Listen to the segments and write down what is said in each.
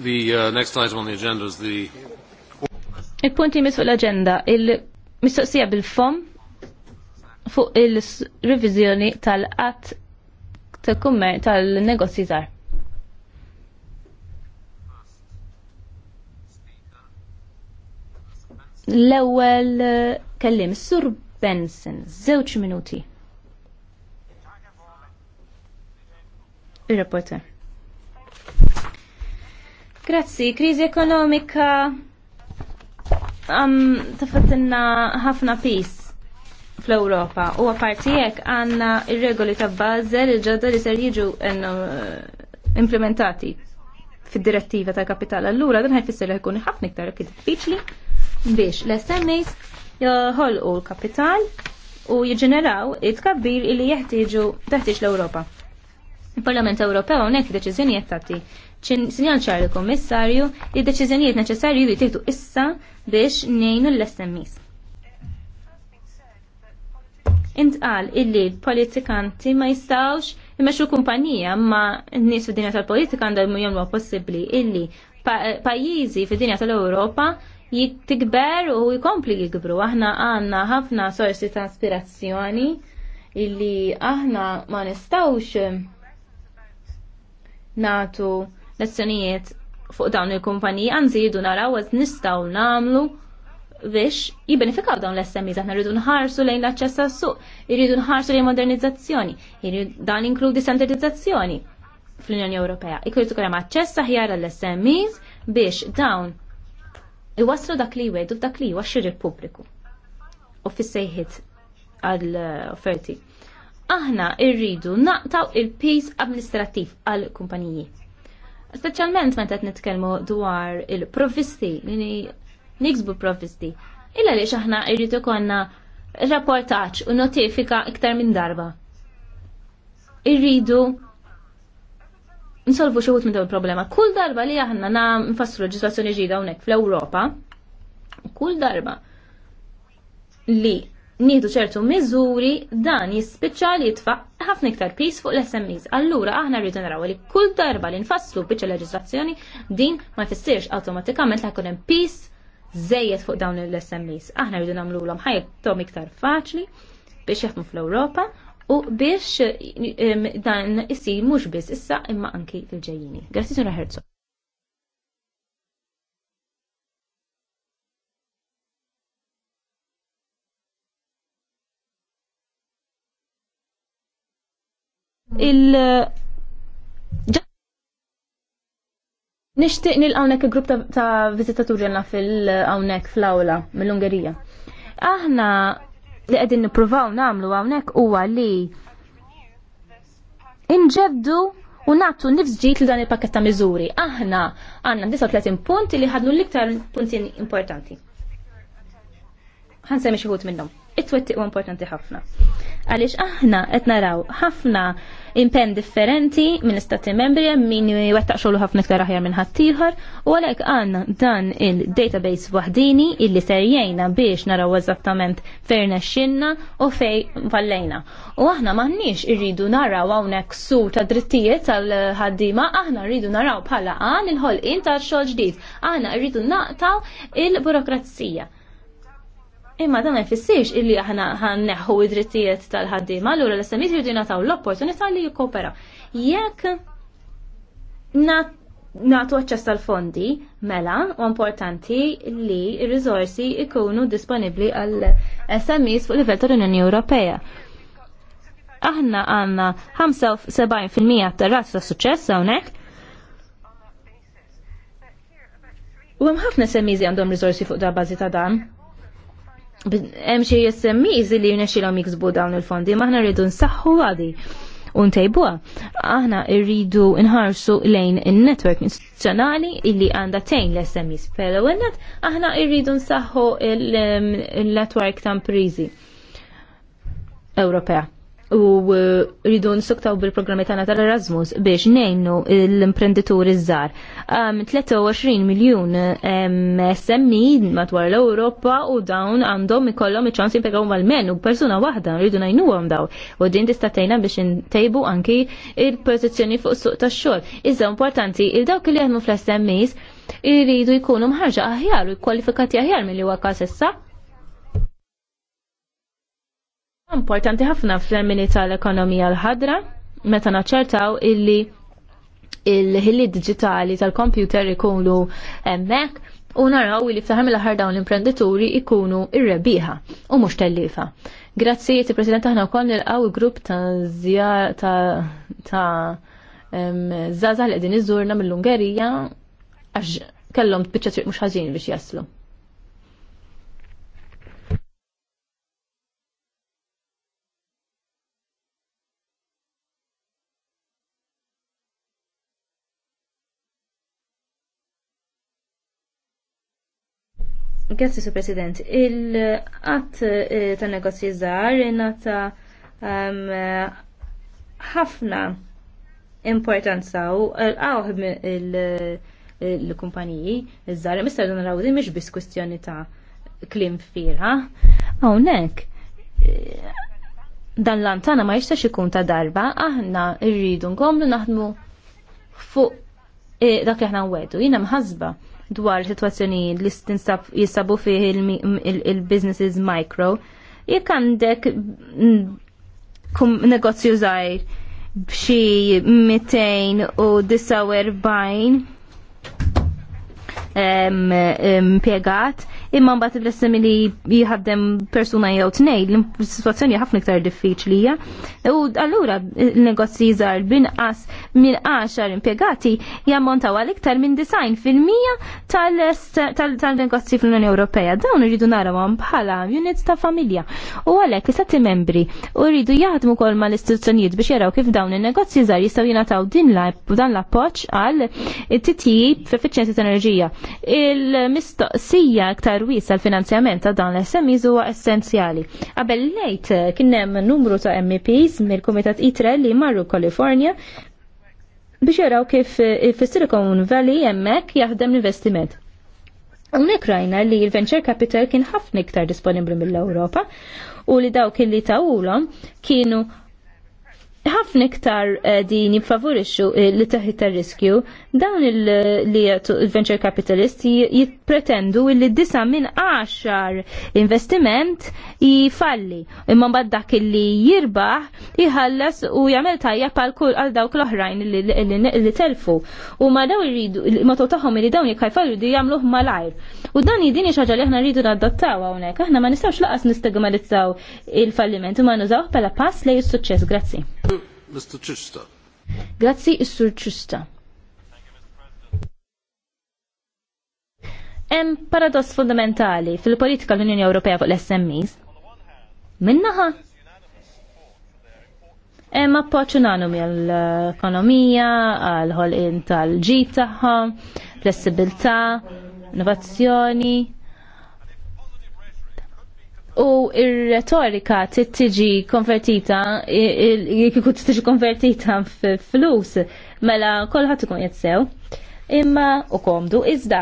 The uh, next item on the agenda is the... il punti li fuq l-agenda, il-mistoqsija bil-fom fuq il-revizjoni tal-qatt tal-kummer tal-negozji żgħar. L-ewwel uh, kellim Sur Benson, żewġ minuti. Il-reporter. Grazzi, kriżi ekonomika um, tafatinna ħafna pis fl-Europa u għapartijek għanna il-regoli ta' Basel il-ġodda li ser jiġu eh, implementati fil-direttiva ta' kapital. Allura dan ħajfisser li jkun ħafna iktar diffiċli biex l-SMEs jħolqu l-kapital u jġeneraw it-kabbir li jeħtieġu teħtieġ l-Europa. Il-Parlament Ewropew hawnhekk deċiżjoni jettati sinjal ċar il-Kommissarju li deċiżjonijiet neċessarju jittieħdu issa biex nejnu l-SMEs. Intqal illi politikanti ma jistawx imexxu kumpanija ma n-nies fi dinja tal-politika għandhom jomlu possibbli illi pajjiżi fi dinja tal-Ewropa jittikber u jkompli jikbru. Aħna għanna ħafna sorsi ta' aspirazzjoni illi aħna ma nistawx natu lezzjonijiet fuq dawn il-kumpaniji għanzi jidu naraw għaz nistaw namlu biex jibenefikaw dawn l-SMI zaħna rridu nħarsu lejn l-access għas-suq, rridu nħarsu lejn modernizzazzjoni, dan inkludi standardizzazzjoni fl-Unjoni Ewropea. Ikridu kurem access ħjar l-SMIs biex dawn iwaslu dak li jwedu dak li jwaxxir il-pubbliku u fissejħit għal-offerti. Aħna irridu naqtaw il-pis amministrativ għal-kumpaniji Speċjalment meta qed nitkellmu dwar il profisti nini niksbu profisti. Illa li aħna irritu konna rapportaġġ u notifika iktar minn darba. Irridu nsolvu xi minn dawn il-problema. Kull darba li aħna na nfassru ġiswazzjoni ġida hawnhekk fl-Ewropa, kull darba li nieħdu ċertu miżuri dan jispiċċa li jitfa' ħafna iktar pis fuq l-SMEs. Allura aħna rridu naraw li kull darba li nfasslu biċċa leġislazzjoni din ma jfissirx awtomatikament li ħakun hemm pis żejjed fuq dawn l-SMEs. Aħna rridu nagħmluhom ħajthom iktar faċli biex jaħdmu fl-Ewropa u biex dan isir mhux biss issa imma anki fil-ġejjini. Grazzi Sura Herzog. il- Nishtiq nil-għawnek il-grupp ta', vizitaturi għanna fil-għawnek fl-awla mill-Ungerija. Aħna li għedin nipruvaw namlu għawnek huwa li inġebdu u natu nifsġit li dan il-pakket ta' miżuri. Aħna għanna 39 punti li ħadnu l-iktar punti importanti. semmi xi minnhom. It-twettiq u importanti ħafna. Għaliex aħna qed naraw ħafna impenn differenti minn istati membri min wettaq xogħlu ħafna iktar aħjar minn ħaddieħor u għalhekk għanna dan il-database waħdini illi ser jgħinna biex naraw eżattament fejn nexxinna u fej fallejna. U aħna m'aħniex irridu naraw hawnhekk su ta' drittijiet tal ħaddima aħna rridu naraw bħala għan il-ħolqien ta' xogħol ġdid. Aħna rridu naqtaw il-burokrazija Imma dan ma jfissirx illi aħna ħanneħħu id-drittijiet tal-ħaddiema, allura l-SMIs jridu nataw l-opportunità li jikkopera. Jekk nagħtu aċċess tal-fondi, mela u importanti li r rizorsi ikunu disponibbli għal SMIs fuq livell tal-Unjoni Ewropea. Aħna għandna 75% tal razz ta' suċċess hawnhekk, U hemm ħafna semmiżi għandhom riżorsi fuq da bażi ta' dan hemm xi SMEs li jnexxilhom jiksbu dawn il-fondi, maħna aħna rridu nsaħħu għadi u ntejbuha. Aħna rridu nħarsu lejn in-netwerk istituzzjonali illi għandha tejn l-SMEs. Pero għennet aħna rridu nsaħħu mm, l-netwerk ta' imprizi Ewropea u uh, rridu nsuktaw bil-programmi tana tal-Erasmus biex nejnu l-imprenditur iż-żar. 23 miljun SMI matwar l-Ewropa u dawn għandhom ikollhom iċans jimpegaw mal-men u persuna waħda rridu għom daw. U din tista' tgħinna biex intejbu anki il-pożizzjoni fuq suq tax-xogħol. Iżda importanti il dawk li jgħadmu fl-SMEs iridu jkunu mħarġa aħjar u kwalifikati aħjar mill-li huwa każ issa Importanti ħafna fl-ermini tal-ekonomija l-ħadra, meta naċċertaw illi il-ħilli digitali tal-kompjuter ikunu emmek u naraw li ftaħem l-ħar dawn l-imprenditori ikunu ir-rebiħa u mux tellifa. Grazzi, ti President, aħna wkoll nilqaw il-grupp ta' zjar ta' ta' li qegħdin iżurna mill-Ungerija għax kellhom biċċa triq mhux ħażin biex jaslu. Grazie, Su President. Il-qatt eh, ta' negozji żgħar nata ehm, ħafna importanza u għawħ il-kumpaniji iż-żgħar. Mista' dan naraw din mhix biss kwistjoni ta' klim fira. Hawnhekk eh, dan l-antana ma jistax ikun ta' darba, aħna rridu nkomlu naħdmu fuq eh, dak li aħna nwedu. Jiena mħasba dwar situazzjoni li jistabu fih il-businesses micro, jekk għandek negozju zaħir bxi bajn piegat, imma mbagħad il e li jħaddem persuna jew tnejn, l-sitwazzjoni ħafna iktar diffiċlija. U allura il-negozji żgħar binqas minn 10 impjegati jammontaw għal iktar minn 90 fil-mija tal-negozji fl-Unjoni Ewropea. Dawn irridu narawhom bħala units ta' familja. U għalhekk is-sati membri u rridu jaħdmu wkoll mal-istituzzjonijiet biex jaraw kif dawn in-negozji żgħar jistgħu jingħataw din dan l-appoġġ għal titjib f'effiċjenza ta' enerġija. Il-mistoqsija iktar aktar wiesa l-finanzjament ta' dan l-SMEs huwa essenzjali. Qabel lejt eh, kien hemm numru ta' MEPs mill-Kumitat ITRE li marru California biex jaraw kif eh, fis-Silicon Valley hemmhekk jaħdem l-investiment. Un rajna li l-venture capital kien ħafna iktar disponibli mill ewropa u li dawk li tawulhom kienu ħafna iktar eh, din jifavorixxu eh, li teħi tar riskju dawn li venture capitalist jippretendu li disa minn 10 investiment jifalli imma mbagħad dak li jirbaħ jħallas u jagħmel tajja pal kull għal dawk l-oħrajn li telfu u ma daw jridu ma tagħhom li dawn jikkajfallu di jagħmluh malajr. U dan jidini xaġa li aħna rridu nadattaw hawnhekk, aħna ma nistgħux laqas nistigmalizzaw il-falliment u ma nużawh bħala pass lejn is-suċċess. Grazzi. Mr. Grazzi, Is-Sur Cista. Hemm paradoss fundamentali fil-politika l-Unjoni Ewropea fuq l-SMEs. Minnaħa hemm appoġġ unanimi għall-ekonomija, għall-ħolqien tal-ġid tagħha, flessibilità, innovazzjoni, U ir-retorika tiġi konvertita, kiku tiġi konvertita flus, mela kolħat ikun jitsew. Imma u komdu, iżda,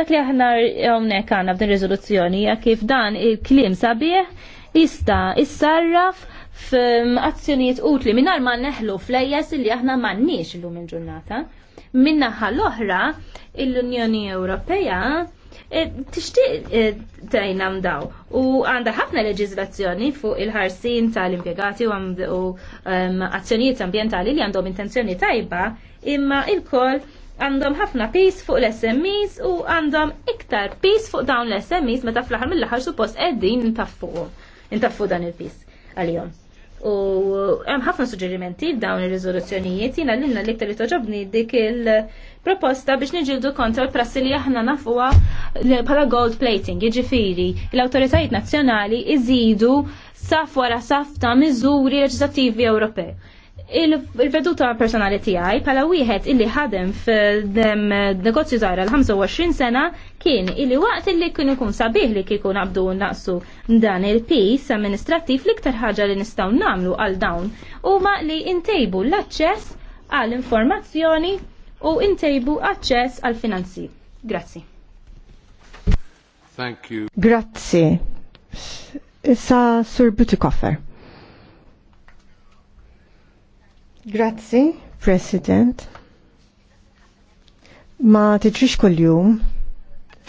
dak li aħna għomnek għanna f'din rezoluzzjoni, kif dan il-klim sabieħ, jista issarraf f'azzjonijiet utli minnar ma neħlu flejjes li aħna m'għandniex illum il-ġurnata. Minnaħa l-oħra, l-Unjoni Ewropea Eh, tixtieq eh, tajnam daw u għandha ħafna leġiżlazzjoni fuq il-ħarsin tal-impjegati u ehm, azzjonijiet ambjentali li għandhom intenzjoni tajba imma il-koll għandhom ħafna pis fuq l-SMEs u għandhom iktar pis fuq dawn l-SMEs meta fl-aħħar mill-aħħar suppost qegħdin intaffuhom intaffu dan il-pis għalihom. U hemm ħafna suġġerimenti f'dawn ir-riżoluzzjonijiet jiena l-inna l-iktar li toġobni dik il- proposta biex niġildu kontra l-prassi li aħna nafuwa bħala gold plating, jiġifieri l-awtoritajiet nazzjonali iżidu saf wara saf ta' miżuri leġislattivi Ewropej. Il-veduta personali tiegħi bħala wieħed illi ħadem f'negozju zaħra l-25 sena kien illi waqt illi kien ikun sabiħ li kikun abdu naqsu dan il-pis amministrattiv l-iktar ħaġa li nistgħu nagħmlu għal dawn huma li ntejbu l-aċċess għall informazzjoni u intejbu aċċess għal finanzi. Grazzi. Thank you. Grazzi. Issa Sur Butikoffer. Grazzi, President. Ma tiġrix kol jum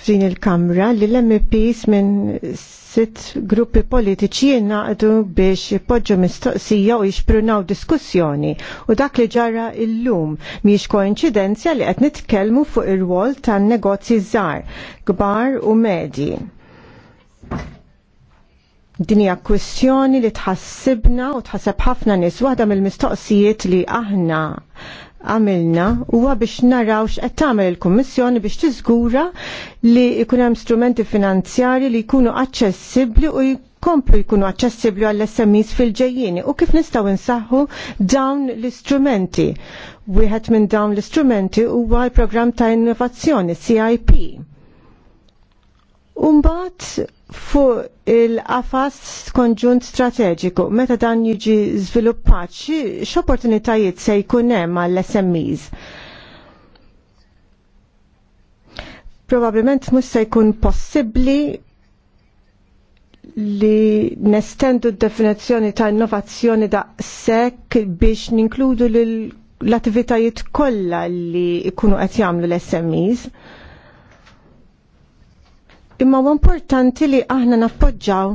f'din il-Kamra li l-MPs minn sitt gruppi politiċi jinnaqdu biex poġġu mistoqsija u jixprunaw diskussjoni u dak li ġara illum miex koinċidenzja li qed nitkellmu fuq ir wol tan-negozji żgħar, kbar u medji. Din hija kwistjoni li tħassibna u tħasseb ħafna nies waħda mill-mistoqsijiet li aħna għamilna huwa biex naraw x'qed tagħmel il-Kummissjoni biex tiżgura li jkun hemm strumenti finanzjari li jkunu aċċessibbli u jkomplu jkunu aċċessibbli għall smis fil-ġejjieni u kif nistgħu nsaħħu dawn l-istrumenti. Wieħed minn dawn l-istrumenti huwa l-programm ta' innovazzjoni CIP Umbat fuq il-qafas konġunt strateġiku, meta dan jiġi żviluppat, x'opportunitajiet se jkun hemm għall-SMEs? Probabilment mhux se jkun possibbli li nestendu d-definizzjoni ta' innovazzjoni da' sekk biex ninkludu l-attivitajiet kollha li jkunu qed jagħmlu l-SMEs. Imma huwa importanti li aħna nappoġġaw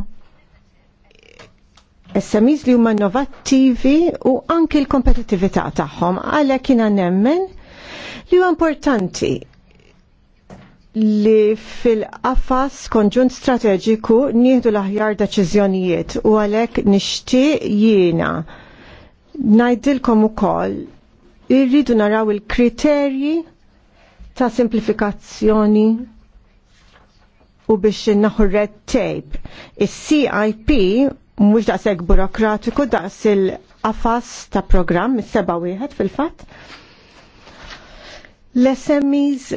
SMEs li huma innovattivi u anki l-kompetitività tagħhom għalhekk jiena nemmen li huwa importanti li fil-qafas konġunt strateġiku nieħdu l-aħjar deċiżjonijiet u għalhekk nixtieq jiena ngħidilkom ukoll irridu naraw il-kriterji ta' simplifikazzjoni u biex naħu red tape. Is-CIP mhux daqshekk burokratiku daqs il-qafas ta' programm il seba wieħed fil-fatt. L-SMEs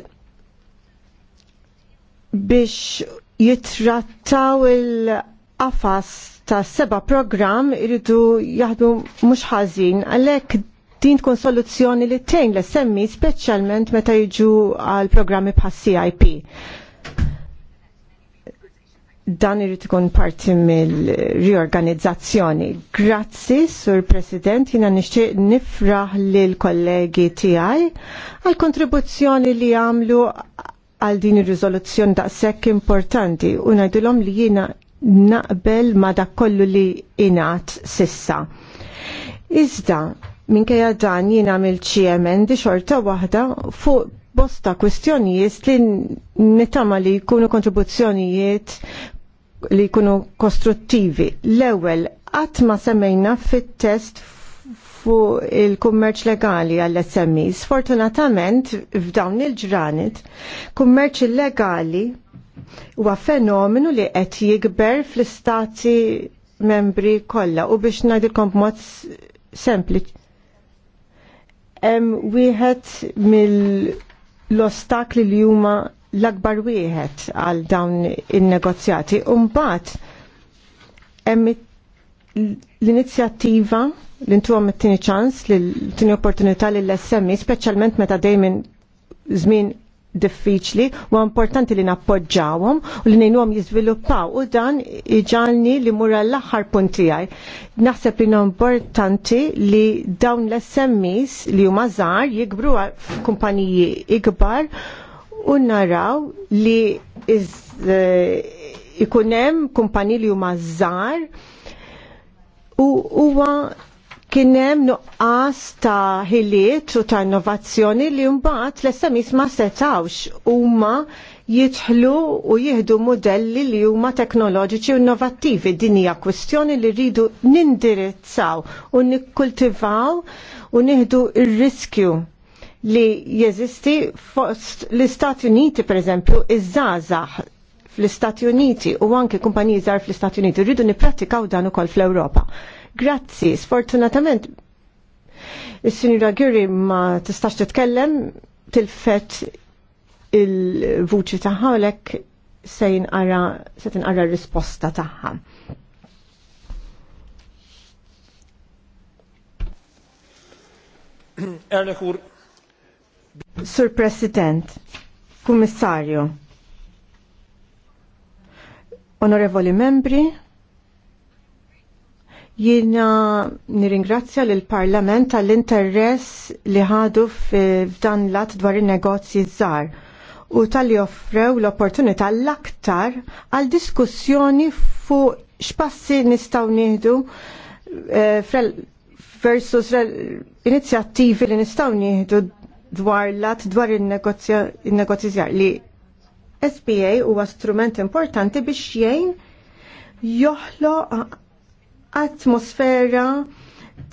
biex jitrattaw il-qafas ta' seba program iridu jaħdu mhux ħażin għalhekk din tkun soluzzjoni li tejn l smes speċjalment meta jiġu għal programmi bħal CIP dan irrid ikun parti mill-riorganizzazzjoni. Grazzi, Sur President, jina nixtieq nifraħ lil kollegi tiegħi għal kontribuzzjoni li għamlu għal din ir-riżoluzzjoni daqshekk importanti u ngħidulhom li jiena naqbel ma dak kollu li ingħat sissa. Iżda minkejja dan jiena mill cmn di xorta waħda fuq bosta kwestjonijiet li nitama li jkunu kontribuzzjonijiet li jkunu kostruttivi. L-ewwel qatt ma semmejna fit-test fuq il-kummerċ legali għall-SMEs. Sfortunatament f'dawn il-ġranet, kummerċ illegali huwa fenomenu li qed jikber fl-istati membri kollha u biex ngħidilkom b'mod sempliċi. Hemm wieħed mill ostakli li huma l-akbar wieħed għal dawn in-negozjati. Umbat l-inizjattiva li intuhom it-tieni ċans li tieni opportunità lill SMI, speċjalment meta dejjem żmien diffiċli u importanti li nappoġġawhom u li ngħinuhom jiżviluppaw u dan iġalni li mur l-aħħar punt tiegħi. Naħseb li importanti li dawn l-SMEs li huma żgħar jikbru f'kumpaniji ikbar u naraw li e, ikunem kumpani li huma żgħar u huwa kien hemm nuqqas ta' ħiliet u ta' innovazzjoni li mbagħad l-SMIs ma setawx huma jidħlu u jieħdu modelli li huma teknoloġiċi u innovattivi. Din hija kwestjoni li rridu nindirizzaw u nikkultivaw u nieħdu ir-riskju li jeżisti fost l-Istati Uniti pereżempju iż-żgħażagħ fl-Istati Uniti u anke kumpaniji żgħar fl-Istati Uniti rridu nipprattikaw dan ukoll fl-Ewropa. Grazzi, sfortunatament is-Sinjura Giri ma tistax titkellem tilfet il-vuċi tagħha lek se jinqara se tinqara r-risposta tagħha. Erlekur, Sur President, Kummissarju, Onorevoli Membri, Jina nirringrazzja l parlament għall-interess li ħadu f'dan lat dwar il-negozji żgħar u tal-li offrew l-opportunità l-aktar għal diskussjoni fuq x'passi nistgħu nieħdu eh, versus inizjattivi li nistgħu nieħdu dwar lat dwar il negozjar li SPA huwa strument importanti biex jgħin joħlo atmosfera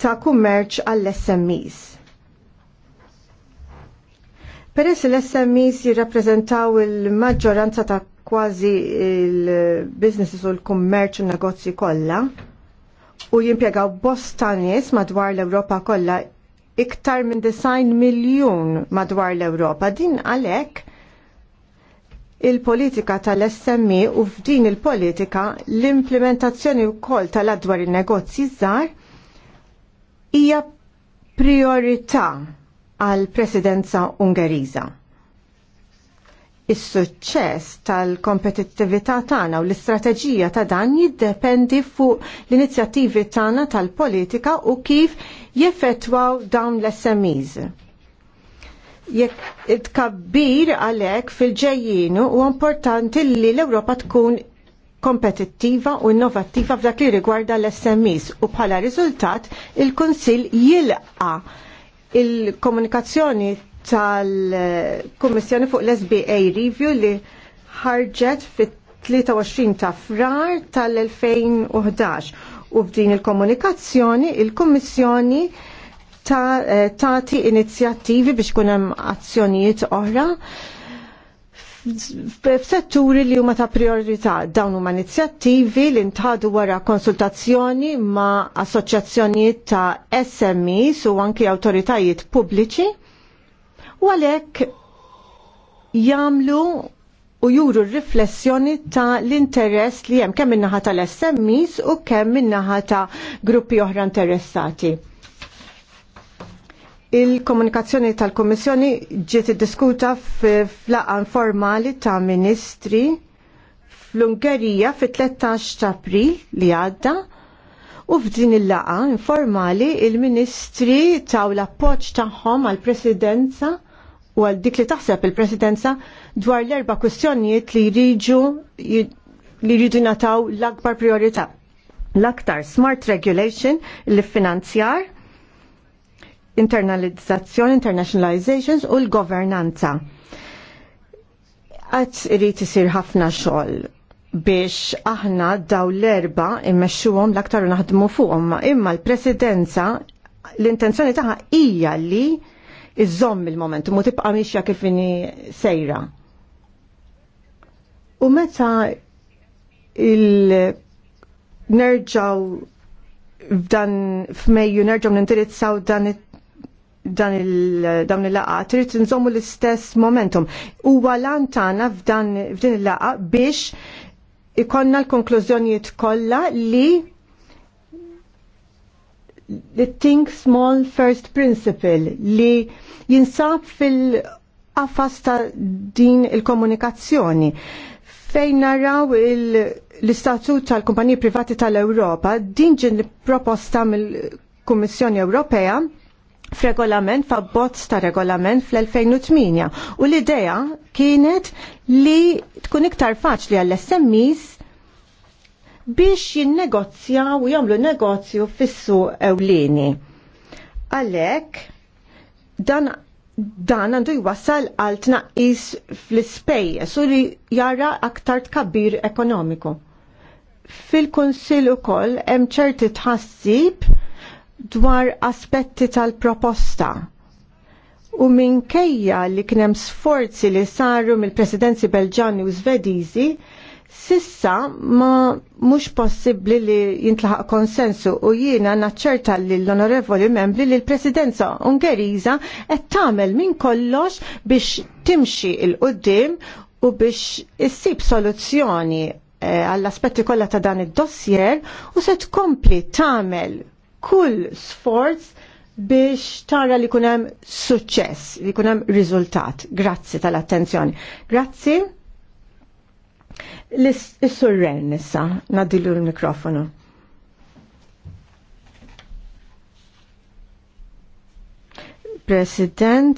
ta' kummerċ għall-SMEs. Peress l-SMEs jirrappreżentaw il-maġġoranza ta' kważi il-businesses u l-kummerċ u negozji kollha u jimpjegaw bosta nies madwar l-Ewropa kollha iktar minn design miljun madwar l-Ewropa. Din għalek il-politika tal-SMI e u f'din il-politika l-implementazzjoni wkoll tal-adwar in-negozji żgħar hija priorità għal presidenza Ungeriża. Is-suċċess tal-kompetittività tagħna u l-istrateġija ta' dan jiddependi fuq l-inizjattivi tagħna tal-politika u kif jeffettwaw dawn l-SMEs. Jekk tkabbir għalhekk fil-ġejjinu u importanti li l-Ewropa tkun kompetittiva u innovattiva f'dak li rigwarda l-SMEs u bħala riżultat il-Kunsill jilqa il-komunikazzjoni tal-Kummissjoni fuq l-SBA Review li ħarġet fit-23 ta' frar tal-2011 u f'din il-komunikazzjoni il-Kummissjoni ta' eh, tati inizjattivi biex kunem azzjonijiet oħra f'setturi li huma ta' priorità dawn huma inizjattivi li ntħadu wara konsultazzjoni ma' assoċjazzjonijiet ta' SMEs u anki awtoritajiet pubbliċi u għalhekk jagħmlu u juru riflessjoni ta' l-interess li hemm kemm minnaħa tal smis u kemm minnaħa ta' gruppi oħra interessati. Il-komunikazzjoni tal-Kommissjoni ġiet iddiskuta f'laqa informali ta' ministri fl-Ungerija fit-13 ta' April li għadda u f'din il-laqa informali il-ministri taw l-appoġġ tagħhom għall-Presidenza u għal dik li taħseb il-presidenza dwar l-erba kustjonijiet li jriġu li jridu nataw l-akbar priorità. L-aktar smart regulation li finanzjar internalizzazzjoni, internationalizations u l-governanza. Għat irrit isir ħafna xogħol biex aħna daw l-erba immexxuhom l-aktar naħdmu fuqhom, imma l-presidenza l-intenzjoni taħħa hija li iżomm il-momentum u tibqa' mixja kif inhi sejra. U meta il nerġaw f'dan f'Mejju nerġaw nindirizzaw dan dan il-dawn il-laqa, trid nżommu l-istess momentum. Huwa lantana f'dan f'din il-laqa biex ikonna l-konklużjonijiet kollha li Think Small First Principle li jinsab fil-qafas ta' din il-komunikazzjoni fejn naraw l-istatut tal-kumpaniji privati tal-Ewropa din ġin proposta mill-Kummissjoni Ewropea f'regolament fa' bozz ta' regolament fl-2008 u l-idea kienet li tkun iktar faċli għall-SMEs biex jinnegozja u jagħmlu negozju fissu ewlieni. Għalhekk dan dan għandu jwassal għal tnaqqis fl-ispejjeż u li jara aktar tkabbir ekonomiku. Fil-Kunsill ukoll hemm ċerti tħassib dwar aspetti tal-proposta. U minkejja li kien hemm sforzi li saru mill-Presidenzi Belġani u Svediżi Sissa ma mhux possibbli li jintlaħaq konsensu u jiena naċċerta li l-onorevoli membri li l-presidenza Ungeriża qed tagħmel minn kollox biex timxi il-qudiem u biex issib soluzzjoni eh, għall-aspetti eh, kollha ta' dan id-dossier u se tkompli tagħmel kull sforz biex tara li kunem suċċess, li kunem riżultat. Grazzi tal-attenzjoni. Grazzi. L-surren nissa, nadilu l-mikrofonu. President,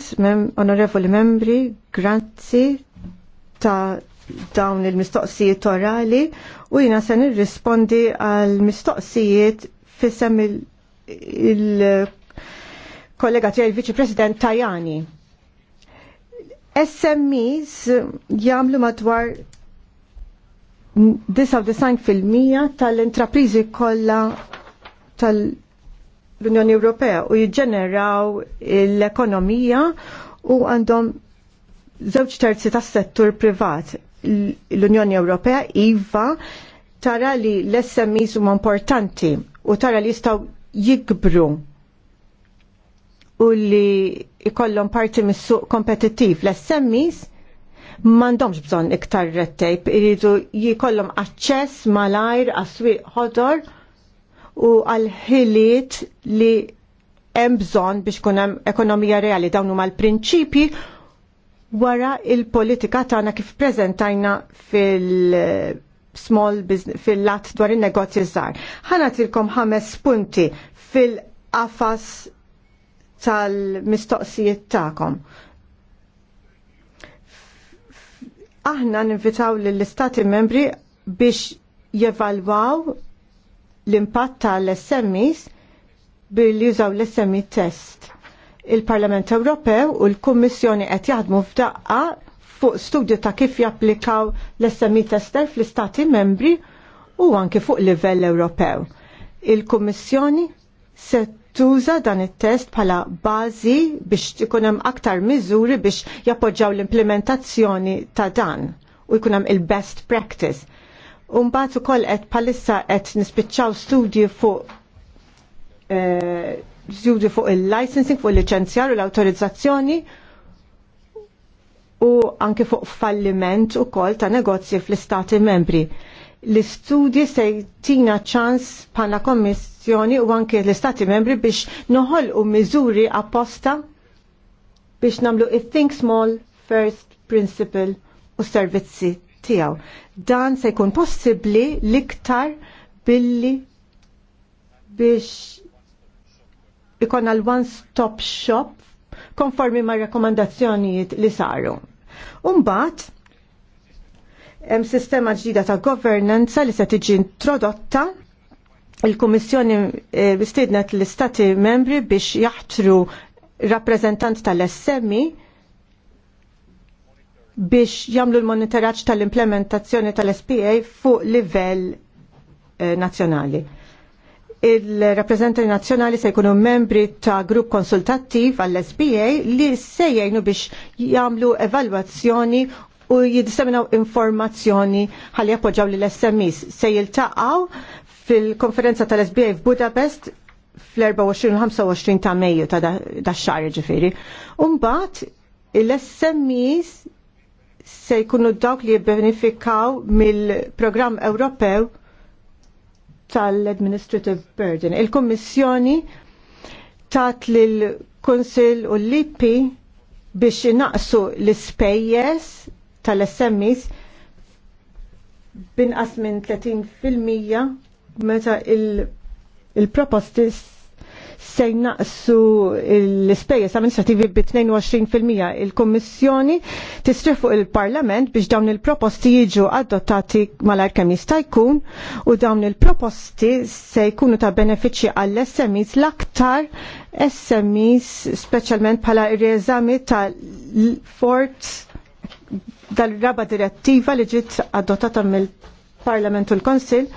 onorevoli membri, grazzi ta' dawn il-mistoqsijiet orali u jina se nirrispondi għal mistoqsijiet fissem il-kollega il tijaj il-Viċi President Tajani. SMEs jamlu madwar 99% tal-intraprizi kollha tal-Unjoni Ewropea u jiġġeneraw l-ekonomija u għandhom żewġ terzi tas-settur privat. L-Unjoni Ewropea iva tara li l-SMEs huma importanti u tara li jistgħu jikbru u li jkollhom parti mis-suq kompetittiv. L-SMEs mandomx bżon iktar red tape, iridu jikollhom aċċess malajr għas hodor ħodor u għal-ħiliet li hemm bżonn biex kun hemm ekonomija reali dawn huma l-prinċipji wara il-politika tagħna kif preżentajna fil- small business fil-lat dwar il-negozji żgħar. Ħana tilkom ħames punti fil-qafas tal-mistoqsijiet tagħkom. aħna ninvitaw lill-istati membri biex jevalwaw l-impatt tal-SMEs billi jużaw l-SME test. Il-Parlament Ewropew u l-Kummissjoni qed jaħdmu f'daqqa fuq studju ta' kif japplikaw l-SME tester fl-istati membri u anke fuq livell Ewropew. Il-Kummissjoni se tuża dan it-test bħala bażi biex ikun hemm aktar miżuri biex jappoġġaw l-implementazzjoni ta' dan u jkun hemm il-best practice. Umbagħad ukoll qed bħalissa qed nispiċċaw studji fuq eh, studju fuq il-licensing, fuq il-licenzjar u l-autorizzazzjoni u anke fuq falliment u kol ta' negozji fl-istati membri l-istudji se tina ċans bħala kommissjoni u anke l-istati membri biex noħolqu miżuri apposta biex namlu it-think small first principle u servizzi tiegħu. Dan se jkun possibbli liktar billi biex ikon l-one stop shop konformi ma' rekomandazzjonijiet li saru. Umbat, hemm sistema ġdida ta' governanza li se tiġi introdotta il-Kummissjoni bistidnet eh, l-Istati membri biex jaħtru rappreżentant tal-SMI biex jagħmlu l-monitoraġġ tal-implementazzjoni tal-SPA fuq livell eh, nazzjonali. Il-rappresentanti nazzjonali se jkunu membri ta' grupp konsultattiv għall sba li se jgħinu biex jagħmlu evalwazzjoni u jidisseminaw informazzjoni ħalli li lill smis Se jiltaqgħu fil-konferenza tal-SBA f'Budapest fl-24-25 ta' Mejju ta' daċxar ġifiri. Umbat, l sms se jkunu dawk li jibbenefikaw mill-programm Ewropew tal-Administrative Burden. Il-Kommissjoni tat lil konsil u l-Lippi biex naqsu l-spejjes tal sms binqas minn 30% meta il-proposti se jnaqsu l-ispejjeż amministrativi bi 22% il-Kummissjoni tistrih fuq il-Parlament biex dawn il-proposti jiġu adottati malar kemm jista' jkun u dawn il-proposti se jkunu ta' benefiċċji għall smis l-aktar SMIs speċjalment bħala ir-reżami ta' fort dal-raba direttiva li ġiet adottata mill-Parlament u l-Konsil,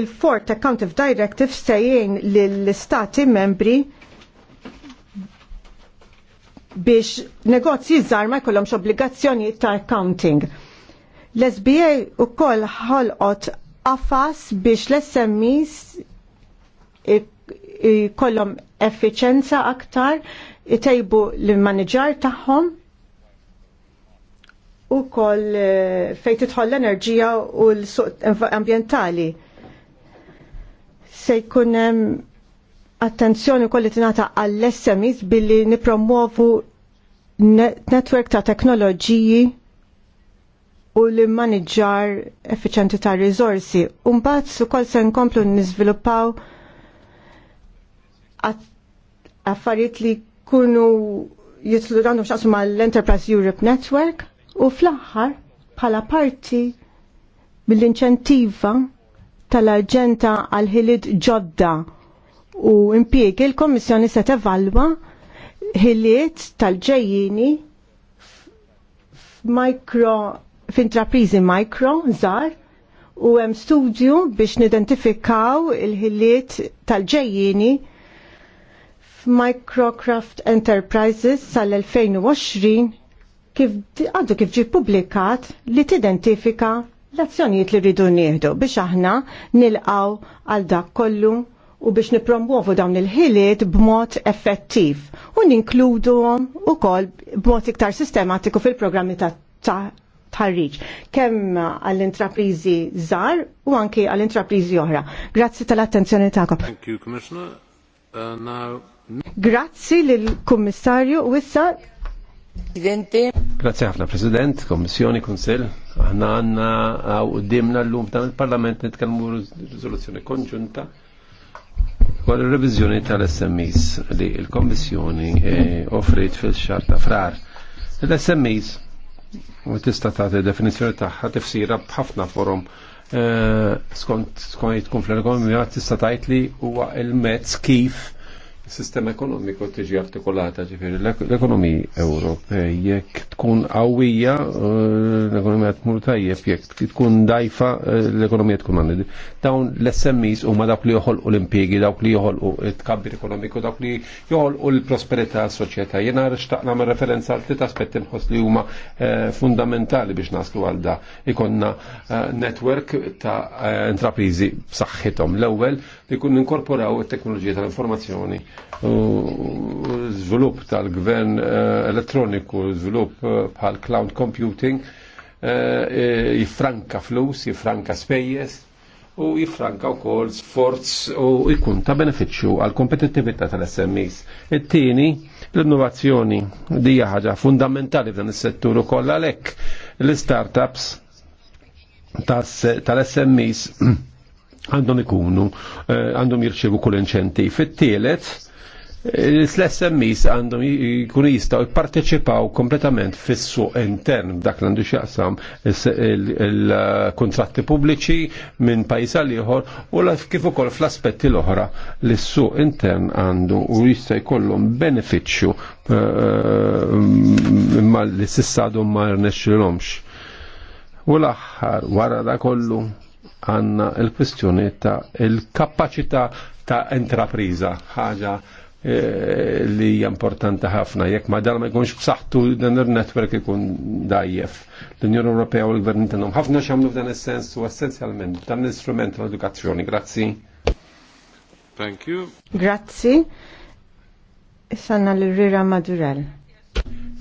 il Account of Directive se jgħin l-Stati membri biex negozji żgħar ma jkollhomx obbligazzjoni ta' accounting. L-SBA wkoll ħolqot affas biex l-SMEs jkollhom effiċenza aktar, itejbu l-manager tagħhom u koll eh, fejn tidħol l-enerġija u l-suq ambjentali. Se jkun hemm attenzjoni kolli tingħata għall-SMEs billi nipromuovu netwerk ta' teknoloġiji u li manager effiċenti ta' rizorsi. Umbat su kol sen komplu nizviluppaw affarijiet li kunu jitlu għandhom xaqsu ma' l-Enterprise Europe Network u fl-aħħar bħala parti mill-inċentiva tal-Aġenda għal ħilid ġodda u impiegi il komissjoni se tevalwa ħiliet tal-ġejjini f'mikro f'intrapriżi micro żgħar u hemm studju biex nidentifikaw il-ħiliet tal-ġejjini f'Microcraft Enterprises sal-2020 kif għandu kif ġib publikat li tidentifika l-azzjonijiet li rridu nieħdu biex aħna nilqaw għal dak kollu u biex nipromuovu dawn il-ħiliet b'mod effettiv u ninkluduhom ukoll b'mod iktar sistematiku fil-programmi ta' tħarriġ kemm għall-intraprizi żgħar u anke għall-intraprizi oħra. Grazzi tal-attenzjoni tagħkom. Thank you, Commissioner. Uh, now... Grazzi lill-Kummissarju u issa Presidente. Grazie ħafna President, Kommissjoni, Kunsel. Aħna għanna għaw dimna l-lum dan il-Parlament nitkellmu rizoluzzjoni konġunta dwar ir-reviżjoni tal-SMEs li l-Kommissjoni e, offrit fil-xar ta' frar. L-SMEs u tista' tagħti definizzjoni tagħha tifsira b'ħafna forum e, skont skont jitkun fl-ekonomija tista' tgħid li huwa il-mezz kif sistema ekonomiku tiġi artikolata ġifiri l-ekonomija Ewropej jekk tkun għawija eh, l-ekonomija tmur tajjeb jekk tkun dajfa eh, l-ekonomija tkun għandi. Dawn l u huma dawk li joħolqu l-impjiegi, dawk li joħolqu t-tkabbir ekonomiku, dawk li joħolqu l-prosperità s-soċjetà. Jiena rixtaq nagħmel referenza għal tit aspetti mħos li huma eh, fundamentali biex naslu għal da. Ikonna network ta' intraprizi b'saħħithom. L-ewwel li kun inkorporaw it-teknoloġija tal-informazzjoni u żvilupp tal-gvern eh, elettroniku, żvilupp eh, bħal cloud computing, eh, e jifranka flus, jifranka spejjes u jifranka u kol sforz u jkun ta' beneficju għal kompetittività tal-SMEs. It-tieni, l-innovazzjoni di ħaġa fundamentali f'dan is-settur ukoll għalhekk l-startups tal-SMEs għandhom ikunu, eh, għandhom jirċevu kull inċenti. Fit-tielet, l-SMIs għandhom jkunu jistaw jipparteċipaw kompletament fis-suq intern dak l-għandu xaqsam il-kontratti pubbliċi minn pajjiż għal ieħor u kif ukoll fl-aspetti l-oħra li s-suq intern għandu u jista' jkollhom benefiċċju eh, imma li s-sissadu ma rnexxilhomx. U l-aħħar wara da kollu għanna il-kwistjoni ta' il kapacita ta' intrapriza, ħaġa eh, li hija importanti ħafna. Jekk ma dal ma jkunx b'saħħtu dan ir-netwerk ikun dajjef. L-Unjoni Ewropea u l-Gvern tagħhom ħafna x'għamlu f'dan is-sens u essenzjalment dan l-istrument tal-edukazzjoni. Grazzi. Thank you. Grazzi. Issanna l-Rira Madurell.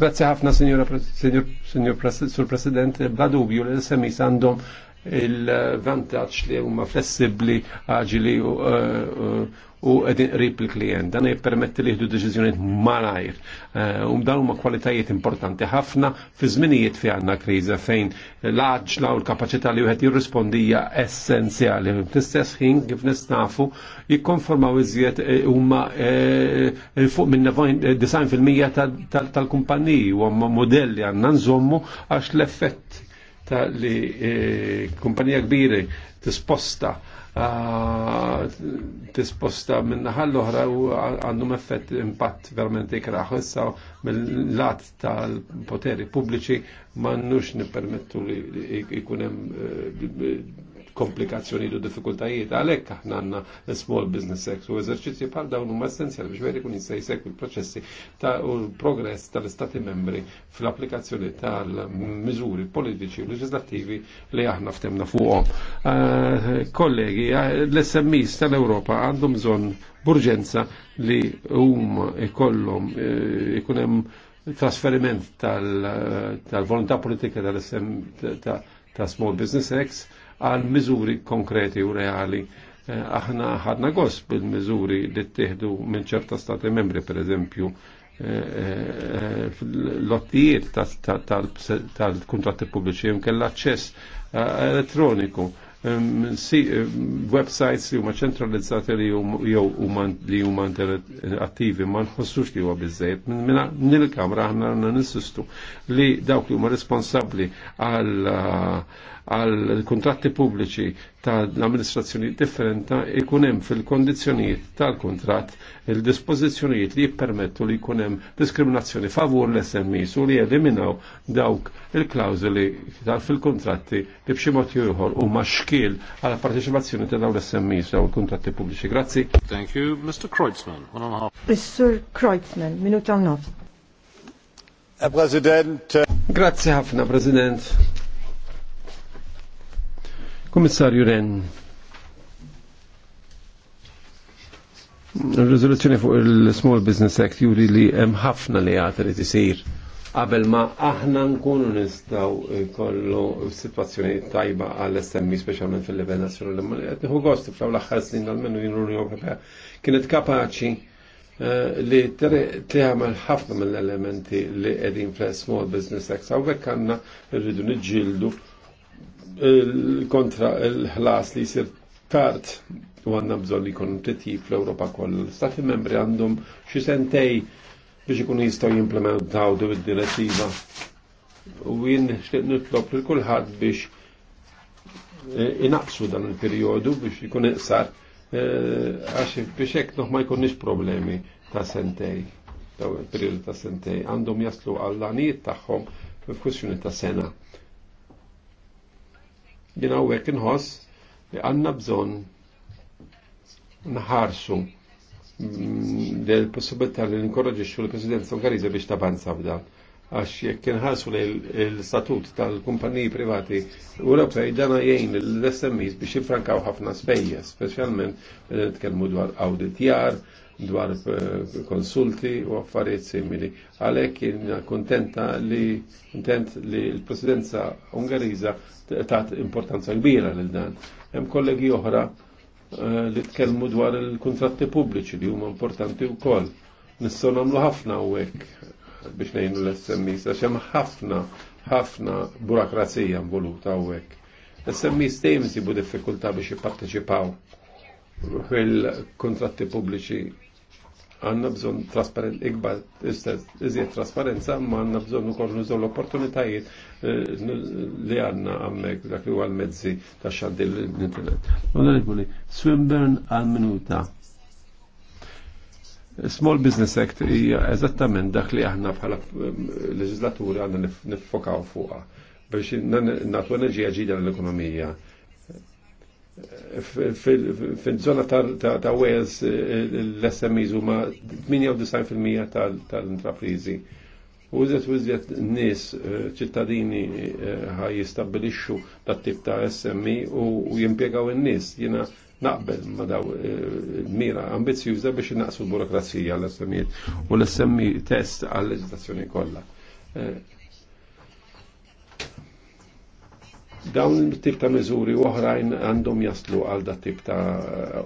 Grazzi ħafna, Signor President, bla dubju li l-SMIs għandhom il-vantaġġ li huma flessibbli, aġili u eh, qegħdin qrib il-klijent. Dan jippermetti li jieħdu deċiżjonijiet malajr. Eh, u dan huma kwalitajiet importanti ħafna fi żminijiet fi għandna kriża fejn l aġla u l-kapaċità li wieħed jirrispondija essenzjali. Fl-istess ħin kif nistafu jikkonformaw iżjed eh, huma fuq minn 90% tal kumpaniji u modelli għandna nżommu għax l-effett ta' li eh, kumpanija kbiri tisposta ah, tisposta minn naħal l-oħra u għandhom effett impatt verament ikraħ. Issa mill-lat tal-poteri pubbliċi ma nux nipermettu li jkun eh, komplikazzjoni u diffikultajiet għalhekk aħna għandna small business sex u eżerċizzji bħal dawn huma essenzjali biex veri kun jista' jsegwi l-proċessi ta' u progress tal-Istati membri fl-applikazzjoni tal-miżuri politiċi u leġislattivi li aħna ftemna fuqhom. Eh, kollegi, eh, l-SMIs tal-Ewropa għandhom bżonn burġenza li hum ikollhom eh, ikun hemm trasferiment tal-volontà politika tal-SM ta' Small Business Acts għal miżuri konkreti u reali. Eh, aħna ħadna gos bil-miżuri li t-tihdu minn ċerta stati membri, per eżempju, eh, eh, l ottijiet tal-kontratti pubbliċi jimkien l-aċċess elettroniku websites li huma ċentralizzati li jew li huma attivi ma nħossux li huwa biżejjed minn il-kamra aħna nissistu li dawk li huma responsabbli għal għal kontratti pubbliċi tal-amministrazzjoni differenta ikun hemm fil-kondizzjonijiet tal kontrat il dispozizjoniet li jippermettu li jkun hemm diskriminazzjoni favur l smis u li jeliminaw dawk il tal fil-kontratti li b'xi mod u huma xkiel għal partecipazzjoni ta' dawn l-SMEs dawn il-kontratti pubbliċi. Grazzi. Thank you, Mr. Kreutzmann. Mr. Kreutzmann, minuta u nofs. Grazie ħafna, President. Kummissarju Ren, il rezoluzzjoni fuq il-Small Business Act juri li hemm ħafna li għad li tisir qabel ma aħna nkunu nistgħu kollu situazzjoni tajba għall SMI speċjalment fil level nazzjonali. Ma qed nieħu gost fl l-aħħar snin għalmenu l-Unjoni Ewropea kienet kapaċi eh, li tagħmel ħafna mill-elementi li qegħdin fl-Small Business Act hawnhekk għandna rridu niġġieldu kontra l-ħlas li jisir tard u għanna bżon li jkun titjib fl-Europa koll. Stati membri għandhom xi sentej biex ikun jistgħu jimplementaw din id-direttiva. U jien nixtieq nitlob lil kulħadd biex eh, inaqsu dan il-perjodu biex ikun iqsar eh, għax biex hekk noħ ma jkunniex problemi ta' sentej daw il-perjodu ta' sentej għandhom jaslu għall-għanijiet tagħhom f'kwistjoni ta' sena jina u għek nħos li għanna bżon nħarsu del possibilità li nkorraġiċu l-Presidenza Ungariza biex tabanza f'dan. Għax jekk nħarsu li l-statut tal-kumpaniji privati Ewropej dana jgħin l smis biex jifrankaw ħafna spejja, specialment nitkellmu dwar auditjar, dwar eh, konsulti u affarijiet simili. Għalhekk jiena kontenta li intent li l-Presidenza Ungariża tat importanza kbira lil dan. Hemm kollegi oħra eh, li tkellmu dwar il-kontratti pubbliċi li huma importanti wkoll. Nistgħu nagħmlu ħafna hawnhekk biex ngħinu l-SMIs għax hemm ħafna ħafna burokrazija involuta hawnhekk. L-SMIs dejjem sibu diffikultà biex jipparteċipaw fil-kontratti pubbliċi għanna bżon trasparent, ikbar, iżjed trasparenza, ma għanna bżon u korru l-opportunitajiet eh, li għanna għammek dak li għal mezzi ta' xaddi l-internet. Onorevoli, Swinburne għal minuta. Small Business Act hija eżattament dak li aħna bħala eh, leġislaturi għandna nifokaw fuqha biex nagħtu enerġija ġdida l-ekonomija fil-zona ta' Wales l-SMEs u ma' 98% tal-intraprizi. U użet użet nis ċittadini ħaj jistabilixxu dat-tip ta' SME u jimpiegaw in nis jina naqbel ma daw mira ambizjuża biex naqsu l-burokrazija l-SME u l-SME test għal-leġislazzjoni kollha Dawn tip ta' miżuri uħrajn għandhom jaslu għal da' tip ta'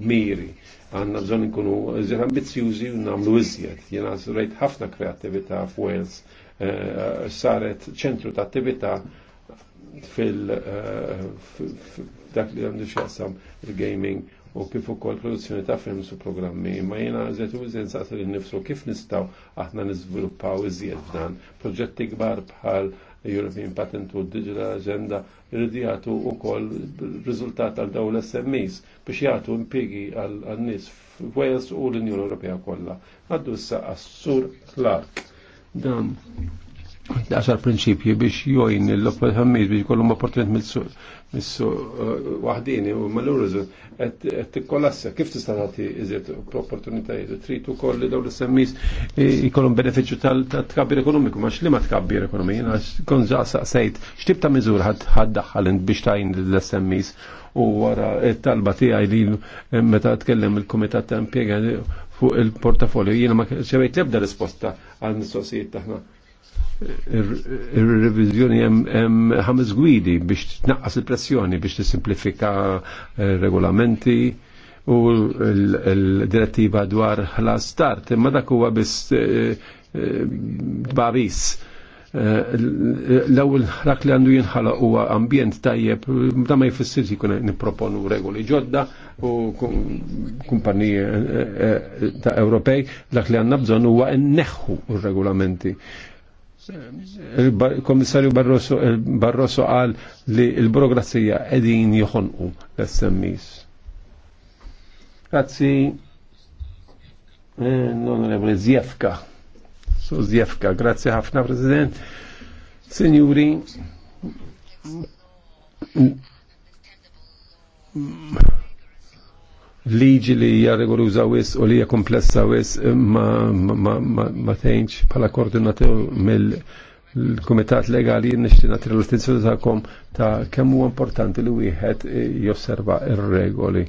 miri. Għanna bżon nkunu zir ambizzjużi u namlu iżjed. Jena zrejt ħafna kreativita f'Wales eh, saret ċentru ta' attività fil eh, dak li għandu xjassam il-gaming u kif ukoll produzzjoni ta' films u programmi, Ma jena zet u iżen saqsir nifsu kif nistaw aħna nizviluppaw iżjed dan proġetti gbar bħal European Patent u Digital Agenda jgħatu jagħtu wkoll rizultat għal daw l-SMEs biex jagħtu impjiegi għal nies Wales u l-Unjoni Ewropea kollha. Għaddu issa sur Dan Daqsar prinċipji biex jojn l-opportunit biex kollum opportunit mis-su uh, wahdini u mal-urizon għed t-kollassa kif tista' tagħti iżjed opportunitajiet trid ukoll kolli daw l-semmis eh, jkollhom benefiċċju tal-tkabbir ekonomiku ma x'lima tkabbir ekonomija għax kon saqsajt, x'tib ta' miżur ħaddaħħal int biex tajn l-semmis u wara t-talba tiegħi li eh, meta tkellem il-kumitat ta' impjega fuq il-portafolju jiena ma ċevejt lebda risposta għal mistoqsijiet taħna il-revizjoni hemm ħames gwidi biex tnaqqas il-pressjoni biex tisimplifika eh, regolamenti u l-direttiva dwar ħlas start, imma dak huwa biss dbaris. Eh, eh, l-ewwel rak li għandu jinħala huwa ambjent tajjeb, da ma jfissirx kuna nipproponu regoli ġodda u kumpanije ta' Ewropej, dak li għandna bżonn huwa nneħħu r-regolamenti il-Komissarju eh, Barroso, għal li il-burokrazija edin joħonqu l-SMIs. Grazzi, eh, l-Onorevole Zjefka. So Zjefka, grazzi ħafna, President. Signori, liġi li hija rigoruża wis u li hija komplessa wis eh, ma, ma, ma, ma tgħinx bħala koordinatur mill l-Kumitat Legali nixtina l-attenzjoni tagħkom ta' kemm huwa importanti li wieħed eh, josserva ir-regoli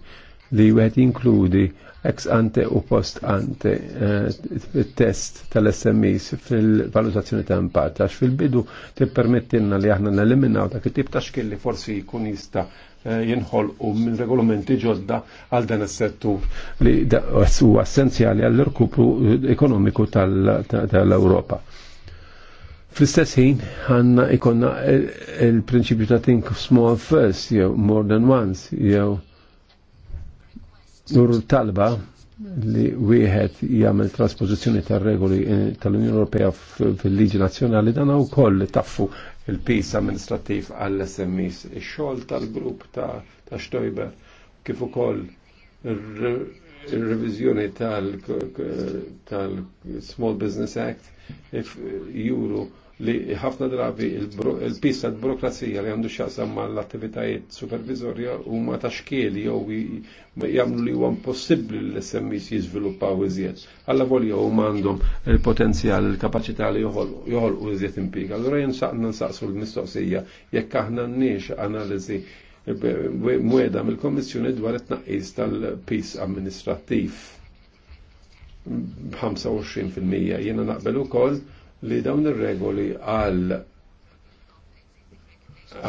li wieħed jinkludi ex ante u post ante eh, test tal-SMEs fil-valutazzjoni ta' impatt għax fil-bidu tippermettilna li aħna neliminaw dak it-tip ta' xkilli forsi jkun jista' eh, jinħolqu minn regolamenti ġodda għal dan is-settur li huwa essenzjali għall irkupru ekonomiku tal-Ewropa. Fl-istess ħin għandna ikonna il-prinċipju ta' think small first jew more than once jew nur talba li wieħed jagħmel trasposizzjoni tar-regoli eh, tal-Unjoni Ewropea fil-liġi nazzjonali dan wkoll taffu il-pis amministrattiv għall-SMEs. Ix-xogħol tal-grupp ta', ta Stoiber kif ukoll ir-reviżjoni tal-Small Business Act juru li ħafna drabi il-pista l-burokrazija li għandu xaqsam ma l-attivitajiet supervizorja u ma taxkeli jew jamlu li huwa possibli l-SMIs jizviluppaw iżjed. Alla volja u mandom il-potenzjal, il-kapacità li joħol u iżjed impika. Allora jinsaqna nsaqsu l-mistoqsija jekk aħna nniex analizi mweda mill-Kommissjoni dwar it-tnaqqis tal-pis amministrativ. 25% Jiena naqbel ukoll koll li dawn ir-regoli għal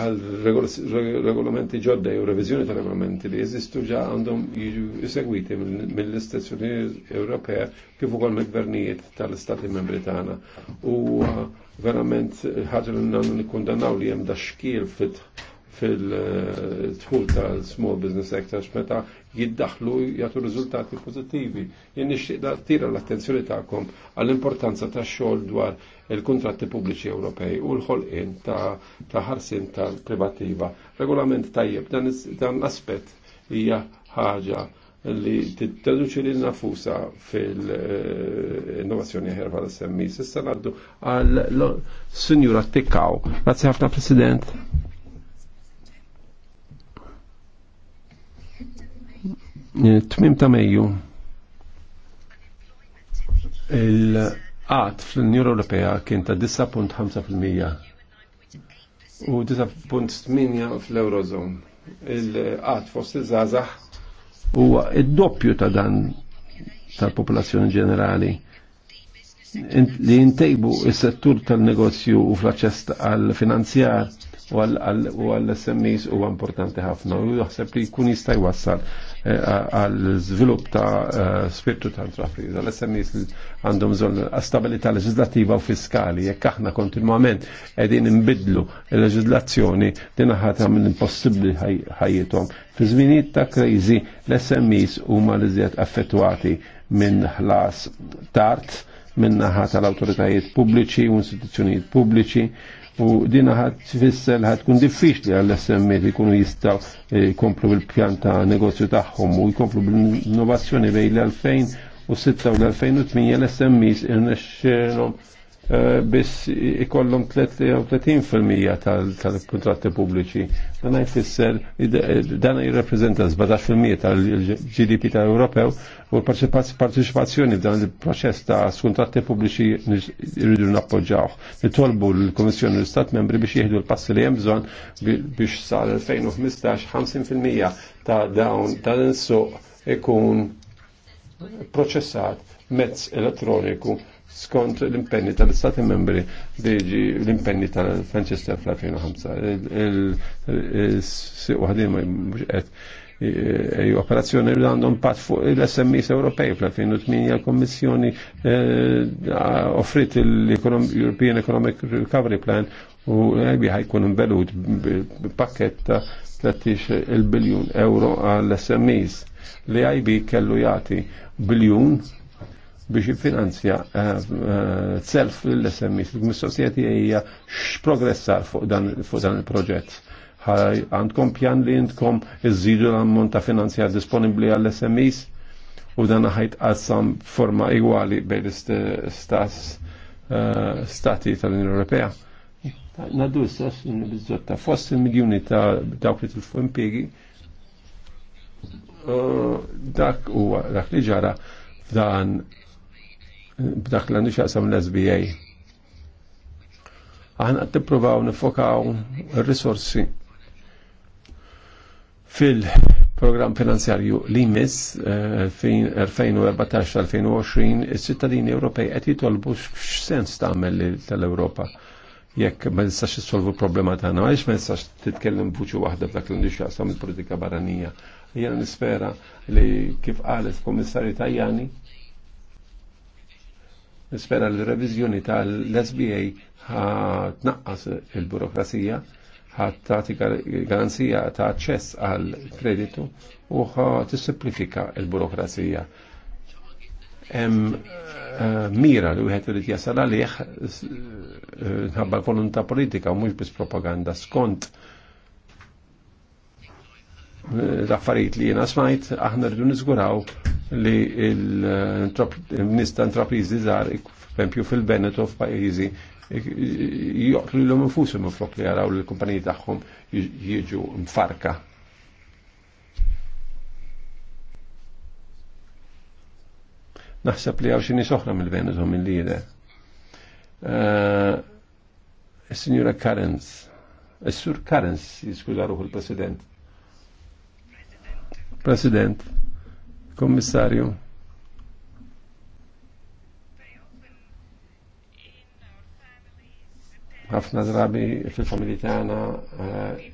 għal regolamenti ġodda u revizjoni ta' regolamenti li jeżistu ġa għandhom jiġu segwiti mill-istess Unjoni Ewropea kif ukoll mill-gvernijiet tal-Istati Membri tagħna. U verament ħaġa li nagħmlu li hemm daxkil fit fil-tħul tal-Small Business Sector meta jiddaħlu jagħtu riżultati pozittivi. Jien nixtieq tira l-attenzjoni tagħkom għall-importanza tax-xogħol dwar il-kuntratti pubbliċi Ewropej u l-ħolqien ta' ħarsin tal-privattiva. Regolament tajjeb dan aspett hija ħaġa li t-traduċi li nafusa fil-innovazzjoni eh, ħerba l semmi Sissa naddu għal-Sinjura Tikaw. Grazie ħafna, President. Tmim ta' meju il-qat fl-Unjoni Ewropea kien ta' 9.5% u 9.8% fl-Eurozone. Il-qat fost il żazax u id-doppju ta' dan tal-popolazzjoni ġenerali li jintejbu il-settur tal-negozju u fl-aċċess għal-finanzjar u għal-SMEs u għal importanti ħafna u jaħseb li kun jistaj wassal. Eh, għal zvilup ta' eh, spirtu ta' intrapriża. L-SMEs għandhom zon stabilità leġislativa u fiskali, jekk aħna kontinuament qegħdin inbidlu l-leġislazzjoni din ħata minn impossibbli ħajjithom. Fi żminijiet ta' kriżi l-SMEs huma li affettwati minn ħlas tard min-naħa tal-autoritajiet pubbliċi u istituzzjonijiet pubbliċi u dina ħat tfisser ħat kun diffiċli għall smi e li kunu jistaw eh, komplu bil pjanta negozju tagħhom u jkomplu bil-innovazzjoni bej l-2006 u l-2008 l-SMEs irnexxelhom Eh, biss ikollhom 33% eh, tal-kontratti pubbliċi. Dan jfisser eh, dan jirrappreżenta 17% tal-GDP tal-Ewropew u l-parteċipazzjoni f'dan il-proċess ta' kontratti pubbliċi jridu nappoġġaw. Nitolbu l-Komissjoni u l-Stat membri biex jieħdu l-passi li hemm bżonn biex sal-2015 50% ta' dawn ta' l suq ikun proċessat mezz elettroniku skont l-impenni tal-Stati membri diġi l-impenni tal-Franċista fl-2005. Il-siq waħdim operazzjoni li għandhom pat fuq l-SMIs Ewropej fl-2008 l-Kommissjoni eh, offrit l-European Economic Recovery Plan u għajbi ħajkun imbelut pakket ta' 13 il-biljun euro għall-SMIs li għajbi kellu jati biljun biex jifinanzja eh, eh, self l smi l-Missosieti tiegħi x-progressar fuq dan il-proġett għandkom pjan li jintkom iżidu l-ammont ta' finanzjar disponibli għall-SMEs u dan ħajt għazzam forma igwali bejn l-istas eh, stati tal-Unjoni Ewropea. Naddu s-sax sas bizzot ta' fost il-miljoni ta' dawk li t tilfu impiegi dak u dak li ġara f'dan b'dak l-għandu xaqsam l-SBA. Aħna għad nipruvaw nifokaw il-risorsi fil-program finanzjarju li miss 2014-2020 il sittadini Ewropej għet jitolbu x'sens tagħmel tal-Ewropa jekk ma nistax solvu problema tagħna, għax ma nistax titkellem buċu waħda f'dak l-indixxa sa politika barranija. Jiena nispera li kif qalet komissarju Tajjani Nispera l-revizjoni tal-SBA tnaqqas il burokrasija ħat tati garanzija ta' ċess għal kreditu u tissimplifika l-burokrazija. Hemm eh, mira li wieħed irid jasal għalih nħabba volontà politika u mhux biss propaganda skont l-affarijiet li jiena smajt aħna rridu niżguraw li il nista intrapriżi zar, pempju fil benet of f'pajjiżi joqtlu l-lum infusu minn flok li għaraw l-kumpaniji tagħhom jieġu mfarka. Naħseb li għaw xini soħra mill-Veneto mill-lide. Eh, signora Karenz, Is-Sur eh, Karenz, jiskuża ruħu l-President. President. President. Kommissarju. ħafna drabi fil-familji tagħna eh,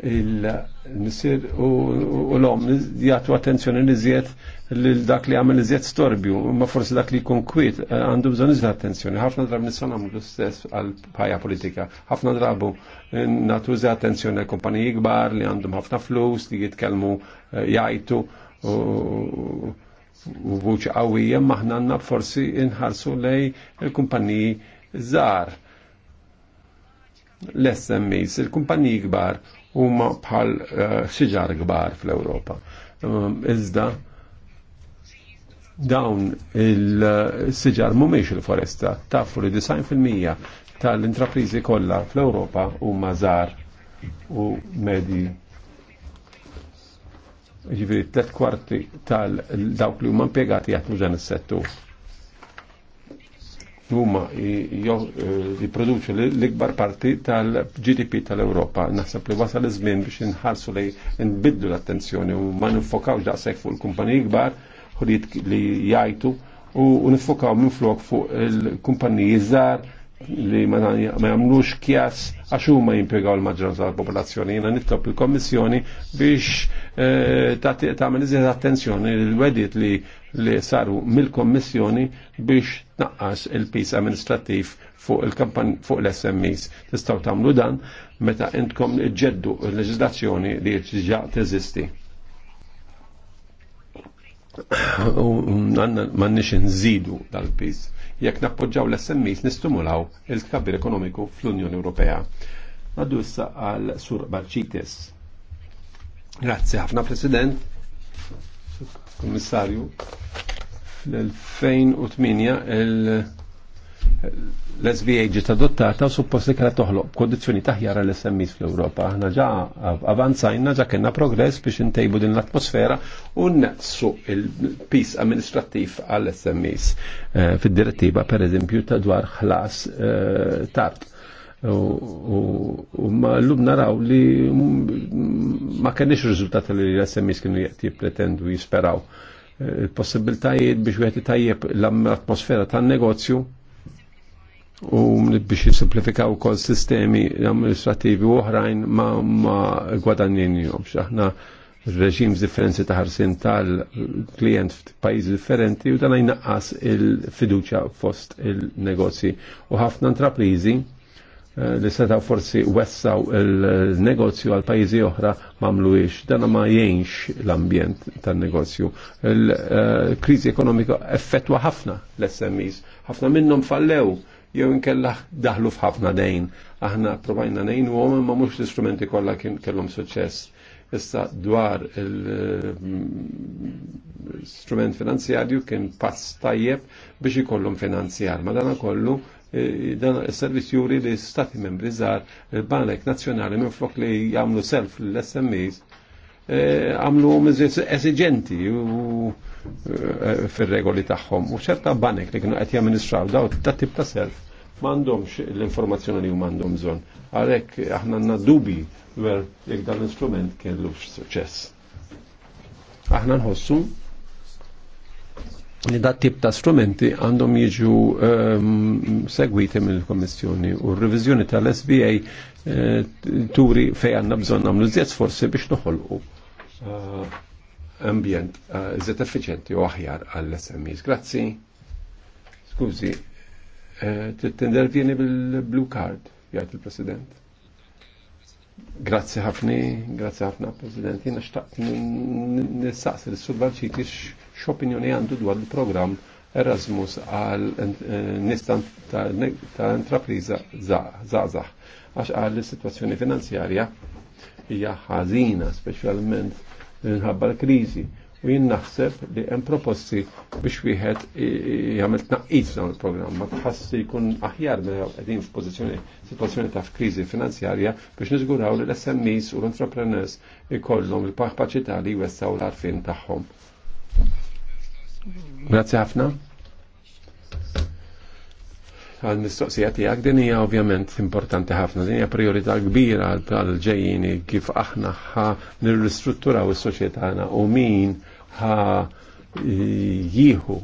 il missir u l-om jgħatu attenzjoni li zjed l-dak li għamil zjed storbju, ma forse dak li kun kwit eh, għandu bżon iżda attenzjoni. ħafna drabu nissan għamlu l-istess għal pajja politika. ħafna drabu eh, natu iżda attenzjoni għal-kumpaniji gbar li għandhom ħafna flus li jitkelmu eh, jgħajtu u vuċi għawija maħna għanna forsi inħarsu lej il-kumpaniji zar l-SMEs, il-kumpaniji gbar huma bħal eh, siġar kbar fl-Ewropa. Um, iżda dawn il-siġar mumiex il-foresta, tafu li fil-mija tal-intraprizi kollha fl-Ewropa huma żar u medi ġifiri tet kwarti tal-dawk li huma impjegati jaħdmu dan is-settur huma jipproduċu e, l-ikbar parti tal-GDP tal europa Naħseb li wasal iż-żmien biex inħarsu li nbiddu l-attenzjoni u ma nifokaw daqshekk fuq il-kumpaniji kbar li jajtu u nifokaw minn fuq il-kumpaniji żgħar li ma jagħmlux kjas għax huma jimpjegaw l maġġoranza tal-popolazzjoni. Jiena nitlob il-Kommissjoni biex eh, tagħmel iżjed attenzjoni l-wedit li li saru mill-Kommissjoni biex tnaqqas il-pis amministrativ fuq fuq l-SMEs. Tistgħu tagħmlu dan meta intkom ġeddu l-leġiżlazzjoni li ġġa teżisti nix nżidu dal-pis. Jekk nappoġġaw l smis nistimulaw il-tkabbir ekonomiku fl-Unjoni Ewropea. Għaddu issa għal Sur Barċites. Grazzi ħafna President, Kommissarju. Fl-2008 il- l-SBA ġiet adottata u suppost li kienet toħloq kondizzjoni taħjar l sms fl-Ewropa. Aħna ġa avanzajna ġa kellna progress biex intejbu din l-atmosfera u naqsu il-pis amministrattiv għall sms eh, fid-direttiva per eżempju ta' dwar ħlas eh, tard. U ma l-lum naraw li ma kenniex riżultati li l-SMIs kienu jippretendu jisperaw eh, il-possibiltajiet biex wieħed tajjeb l-atmosfera tan-negozju u biex jisimplifikaw kol sistemi amministrativi u oħrajn ma, ma gwadanjini aħna r-reġim differenzi ta' ħarsin tal-klient f'pajjiżi differenti u dan jnaqqas il-fiduċa fost il-negozji. U ħafna intraprizi eh, li seta forsi wessaw il-negozju għal pajjiżi oħra mamluix, dan ma jenx l-ambjent tan-negozju. Il-kriżi eh, ekonomika effettwa ħafna l-SMEs, ħafna minnhom fallew jew inkella daħlu f'ħafna dejn. Aħna provajna nejn u għom ma mux l-istrumenti kollha kien kellhom suċess. Issa dwar l istrument mm, finanzjarju kien pass tajjeb biex ikollhom finanzjar. Ma dan kollu e, dan is-servizz juri li stati membri żgħar il-Banek Nazzjonali minn flok li jagħmlu self l-SMEs e, għamlu eżigenti u Eh, fir-regoli tagħhom. U ċerta banek li kienu qed jamministraw daw dat tip ta' self m'għandhomx l-informazzjoni li huma għandhom bżonn. Għalhekk aħna għandna dubi dwar jekk dan l-istrument kellu suċċess. Aħna nħossu li dat tip ta' strumenti għandhom jiġu ehm, segwiti mill-Kommissjoni u r-revizjoni tal-SBA eh, turi fej għanna bżon għamlu zjedz forsi biex noħolqu eh, ambjent eh, iżet effiċenti u aħjar għall-SMEs. Grazzi. Skużi, eh, vieni bil-blue card, jgħid il-President. Grazzi ħafni, grazzi ħafna President. Jena xtaqt nissaqsi l-Sur x x'opinjoni għandu dwar il-programm Erasmus għal eh, nistan ta' intrapriza zazax. Għax għal l-situazzjoni finanzjarja hija ħażina, speċjalment minħabba l krizi U jinn naħseb li hemm proposti biex wieħed jagħmel tnaqqis dawn il-programm, ma tħassi jkun aħjar minn qegħdin f'pożizzjoni situazzjoni ta' kriżi finanzjarja biex niżguraw li l-SMEs u l-entrepreneurs ikollhom il-kapaċità li jwessaw l-arfin tagħhom. Grazie ħafna għal-mistoqsija tiegħek din hija ovvjament importanti ħafna, din hija priorità kbira għal-ġejjini kif aħna ħa nirristrutturaw is-soċjetana u min ħa jieħu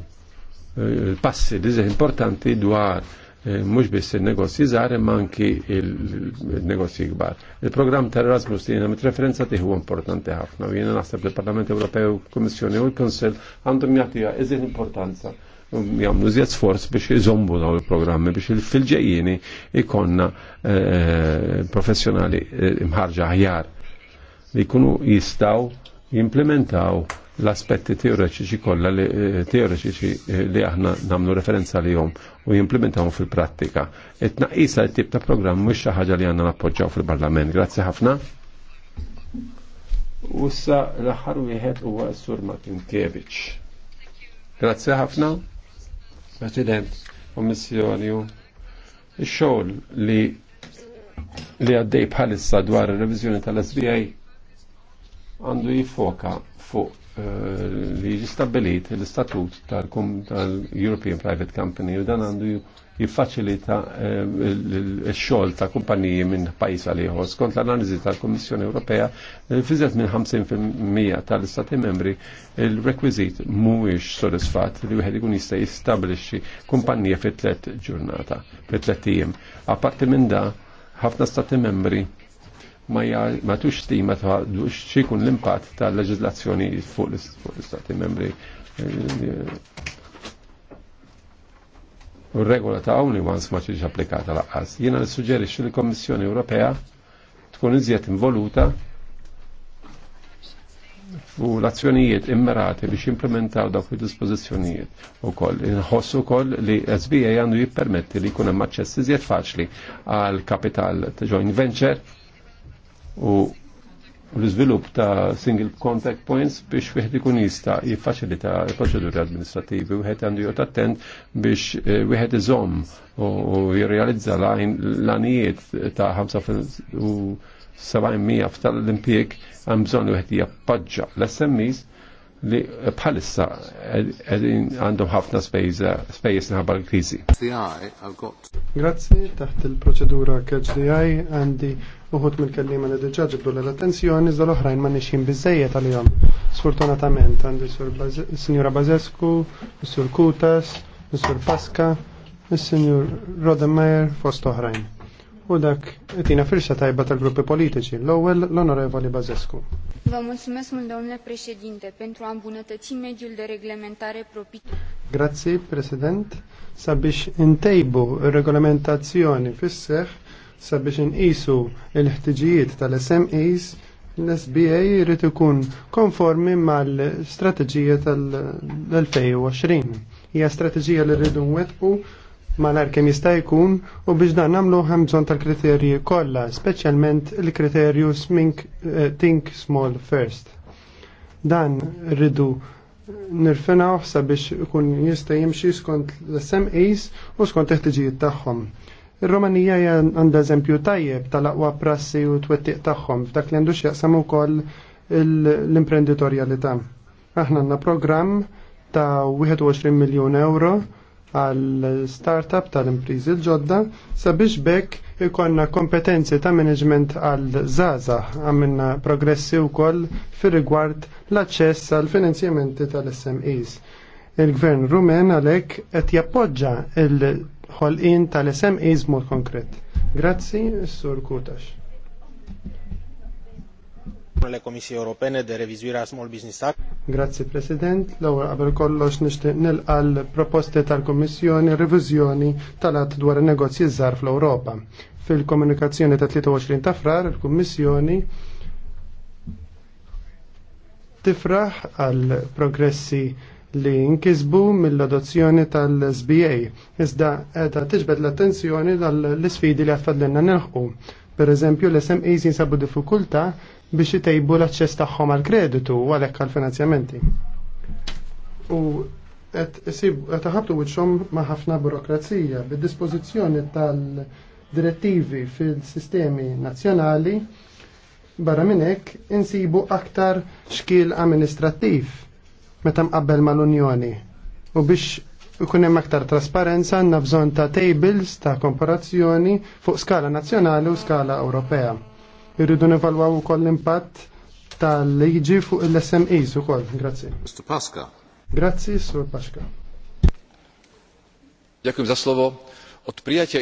l-passi eh, diżeħ importanti dwar eh, mhux biss il-negozji żgħar imma anki il-negozji kbar. Il-programm ta' Erasmus li jiena mit-referenza tih huwa importanti ħafna u jiena naħseb li l-Parlament Ewropew, Kummissjoni u l-Kunsell għandhom jagħtiha iżid importanza jamlu żjed sforz biex jizombu daw il-programmi biex il-filġejjini ikonna eh, eh, professjonali eh, imħarġa aħjar li jkunu jistaw jimplementaw l-aspetti teoretiċi kollha li teoretiċi li aħna namlu referenza li jom u jimplementaw fil-prattika. It-naqisa t-tip ta' programm mhux xi ħaġa li għandna nappoġġaw fil-Parlament. Grazzi ħafna. Usa l-aħħar wieħed huwa s-Sur Martin Grazzi ħafna. President, Kommissjonju, il-xogħol li li għaddej bħalissa dwar ir-reviżjoni tal-SBA għandu jifoka fuq eh, li jistabilit l-istatut tal-European Private Company u dan għandu jiffaċilita eh, x-xogħol ta' kumpaniji minn pajjiż għal Skont l-analiżi tal-Kummissjoni Ewropea, eh, fiżet minn 50% tal-Istati membri il-rekwiżit mhuwiex sodisfatt li wieħed ikun jista' jistabbilixxi kumpanija fit-tlet ġurnata, fit-tlet ijiem. Apparti minn da, ħafna stati membri ma tux stima ta' xikun l-impatt tal-leġizlazzjoni fuq l-istati membri eh, U regola ta' only Omnibus ma ġiġ applikata laqqas. Jiena nissuġġerixxi li l-Kommissjoni Ewropea tkun iżjed involuta u l-azzjonijiet immerati biex implementaw dawk il-dispożizzjonijiet ukoll. Inħoss ukoll li SBA għandu jippermetti li jkun hemm aċċess iżjed faċli għal kapital ta' joint venture u u l-izvilup ta' single contact points biex wieħed ikun jista' jiffaċilita l-proċeduri amministrativi u wieħed għandu jgħod attent biex eh, wieħed iżomm u jirrealizza l-għanijiet ta' 75% tal-impjeg għam bżonn li wieħed jappaġġa l-SMEs li bħalissa għedin għandhom ħafna spejjeż nħabba l krizi Grazzi, taħt il-proċedura KHDI għandi uħut mill-kellima li d-ġaġ ġibdu l-attenzjoni, iżda l-oħrajn ma nixin bizzejiet għal-jom. Sfortunatament għandi s-Sinjura Bazescu, s-Sur Kutas, s-Sur Paska, s-Sinjur Rodemeyer, fost oħrajn. U dak tina firxa tajba tal-gruppi politiċi, l-ewwel l-Onorevoli Bazescu. Vă mulțumesc mult, domnule președinte, pentru a îmbunătăți mediul de reglementare propice. Grazie, President. Sabiex intejbu regolamentazzjoni fis-seħ sabiex inqisu l-ħtiġijiet tal-SMEs l-SBA jrid ikun konformi mal-strateġija tal-2020. Hija strateġija li rridu nwettqu malar kem jista' jkun u biex dan nagħmlu hemm bżonn tal-kriterji kollha, speċjalment il-kriterju eh, think small first. Dan rridu nirfinaw sabiex ikun jista' jimxi skont l-SMEs u skont teħtiġijiet tagħhom il romanija għandha eżempju tajjeb tal-aqwa prassi u twettiq tagħhom f'dak li għandu x'jaqsam ukoll l-imprenditorjalità. Aħna għandna programm ta' 21 miljun euro għal startup tal-imprizi l-ġodda sabiex bekk ikonna kompetenzi ta' management għal zaza għamminna progressi u koll fir rigward l acċess għal finanzjamenti tal-SMEs. Il-gvern rumen għalek qed jappoġġa il ħolqien tal isem mod konkret. Grazzi, Sur Kutax. Le Komisji Ewropene de Revizuira Small Business Act. Grazzi President, l-ewwel qabel kollox nixtieq nilqa' proposti tal-Kummissjoni reviżjoni tal-att dwar in-negozji żgħar fl-Ewropa. Fil-komunikazzjoni ta' 23 ta' frar il-Kummissjoni tifraħ għal progressi li nkisbu mill-adozzjoni tal-SBA, iżda qiegħda tiġbed l-attenzjoni tal-isfidi li għaffadlenna nilħqu. Per eżempju, l-SMEs jinsabu diffikultà biex jitejbu l-aċċess tagħhom għal kreditu u għalhekk għal finanzjamenti. U qed ħabtu wiċċhom ma' ħafna burokrazija bid-dispożizzjoni tal-direttivi fil-sistemi nazzjonali barra minn hekk insibu aktar xkiel amministrattiv meta mqabbel mal-Unjoni. U biex ikun hemm aktar trasparenza għandna bżonn ta' tables ta' komparazzjoni fuq skala nazzjonali u skala Ewropea. Irridu nevalwaw ukoll l-impatt tal-liġi fuq l-SMEs ukoll. Grazzi. Mr. Pasqa. Grazzi, Sur Paxka. Ďakujem za slovo. Od prijatia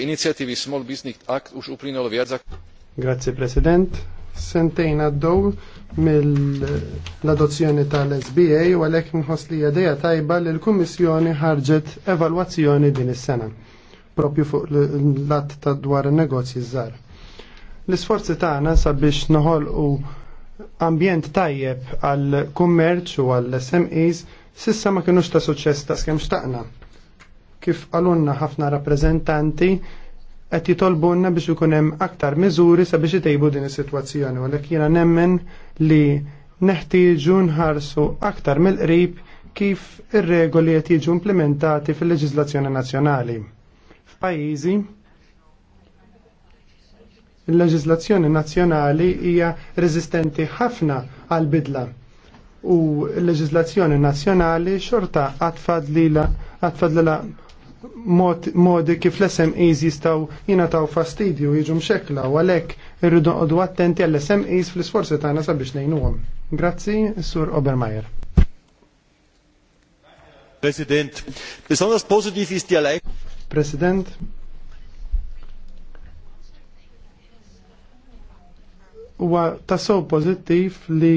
Small Business Act už uplynulo Grazie, President sentejn għaddew mill-adozzjoni tal-SBA u għalhekk nħoss li idea tajba li l-Kummissjoni ħarġet evalwazzjoni din is-sena propju fuq l-att ta' dwar in-negozji żgħar. L-isforzi tagħna sabiex noħolqu ambjent tajjeb għal kummerċ u għall SMEs sissa ma kienux ta' suċċess ta' skemm xtaqna. Kif qalunna ħafna rappreżentanti qed jitolbunna biex ikun hemm aktar miżuri sabiex itejbu din is-sitwazzjoni, għalhekk jiena nemmen li neħtieġu nħarsu aktar mill-qrib kif ir-regoli qed jiġu implementati fil-leġiżlazzjoni nazzjonali. F'pajjiżi il-leġiżlazzjoni nazzjonali hija reżistenti ħafna għal bidla u l-leġiżlazzjoni nazzjonali xorta għatfadlila għatfadlila modi kif l-SMEs jistaw jinataw fastidju jiġu mxekla u għalek irridu għoddu attenti għall-SMEs fl-sforzi tagħna sabiex għom. Grazzi, Sur Obermeier. President, besonders positiv ist die Erleichterung. President, huwa tasow pożittiv li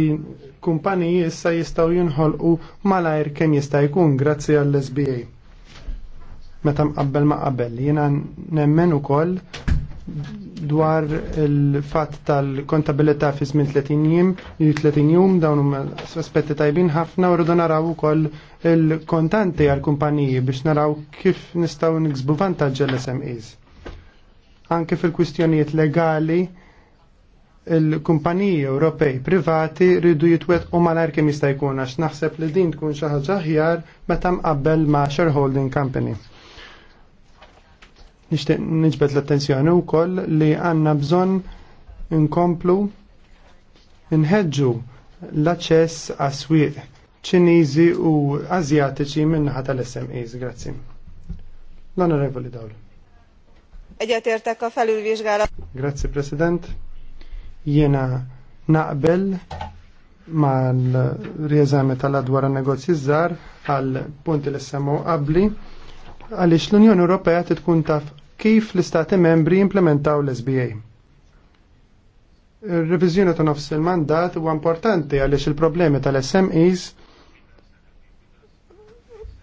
kumpaniji issa jistgħu jinħolqu malajr kemm jista' jkun grazzi għall-SBA meta mqabbel ma qabel. Jiena nemmen ukoll dwar il-fatt tal-kontabilità fi żmien 30 jiem, 30 jum dawn huma aspetti tajbin ħafna u rridu naraw ukoll il-kontanti għall kumpaniji biex naraw kif nistgħu niksbu vantaġġ l-SMEs. Anke fil-kwistjonijiet legali il-kumpaniji Ewropej privati rridu jitwet u malar kemm jista' jkun għax naħseb li din tkun xi ħaġa aħjar meta mqabbel ma' shareholding company. Nixtieq niġbed l-attenzjoni wkoll li għandna bżonn inkomplu nħedġu l-aċċess għas-swieq u Azjatiċi minnaħa tal-SMEs. Grazzi. L-Onorevoli Dawl. Egyetértek a felülvizsgálat. Grazzi, President. Jena naqbel mal-riezame tal-adwar negozji zzar għal punti l semmu għabli għaliex l-Unjoni Ewropea tkun taf kif l-istati membri implementaw l-SBA. Il-revizjoni ta' nofs il-mandat huwa importanti għaliex il-problemi tal-SMEs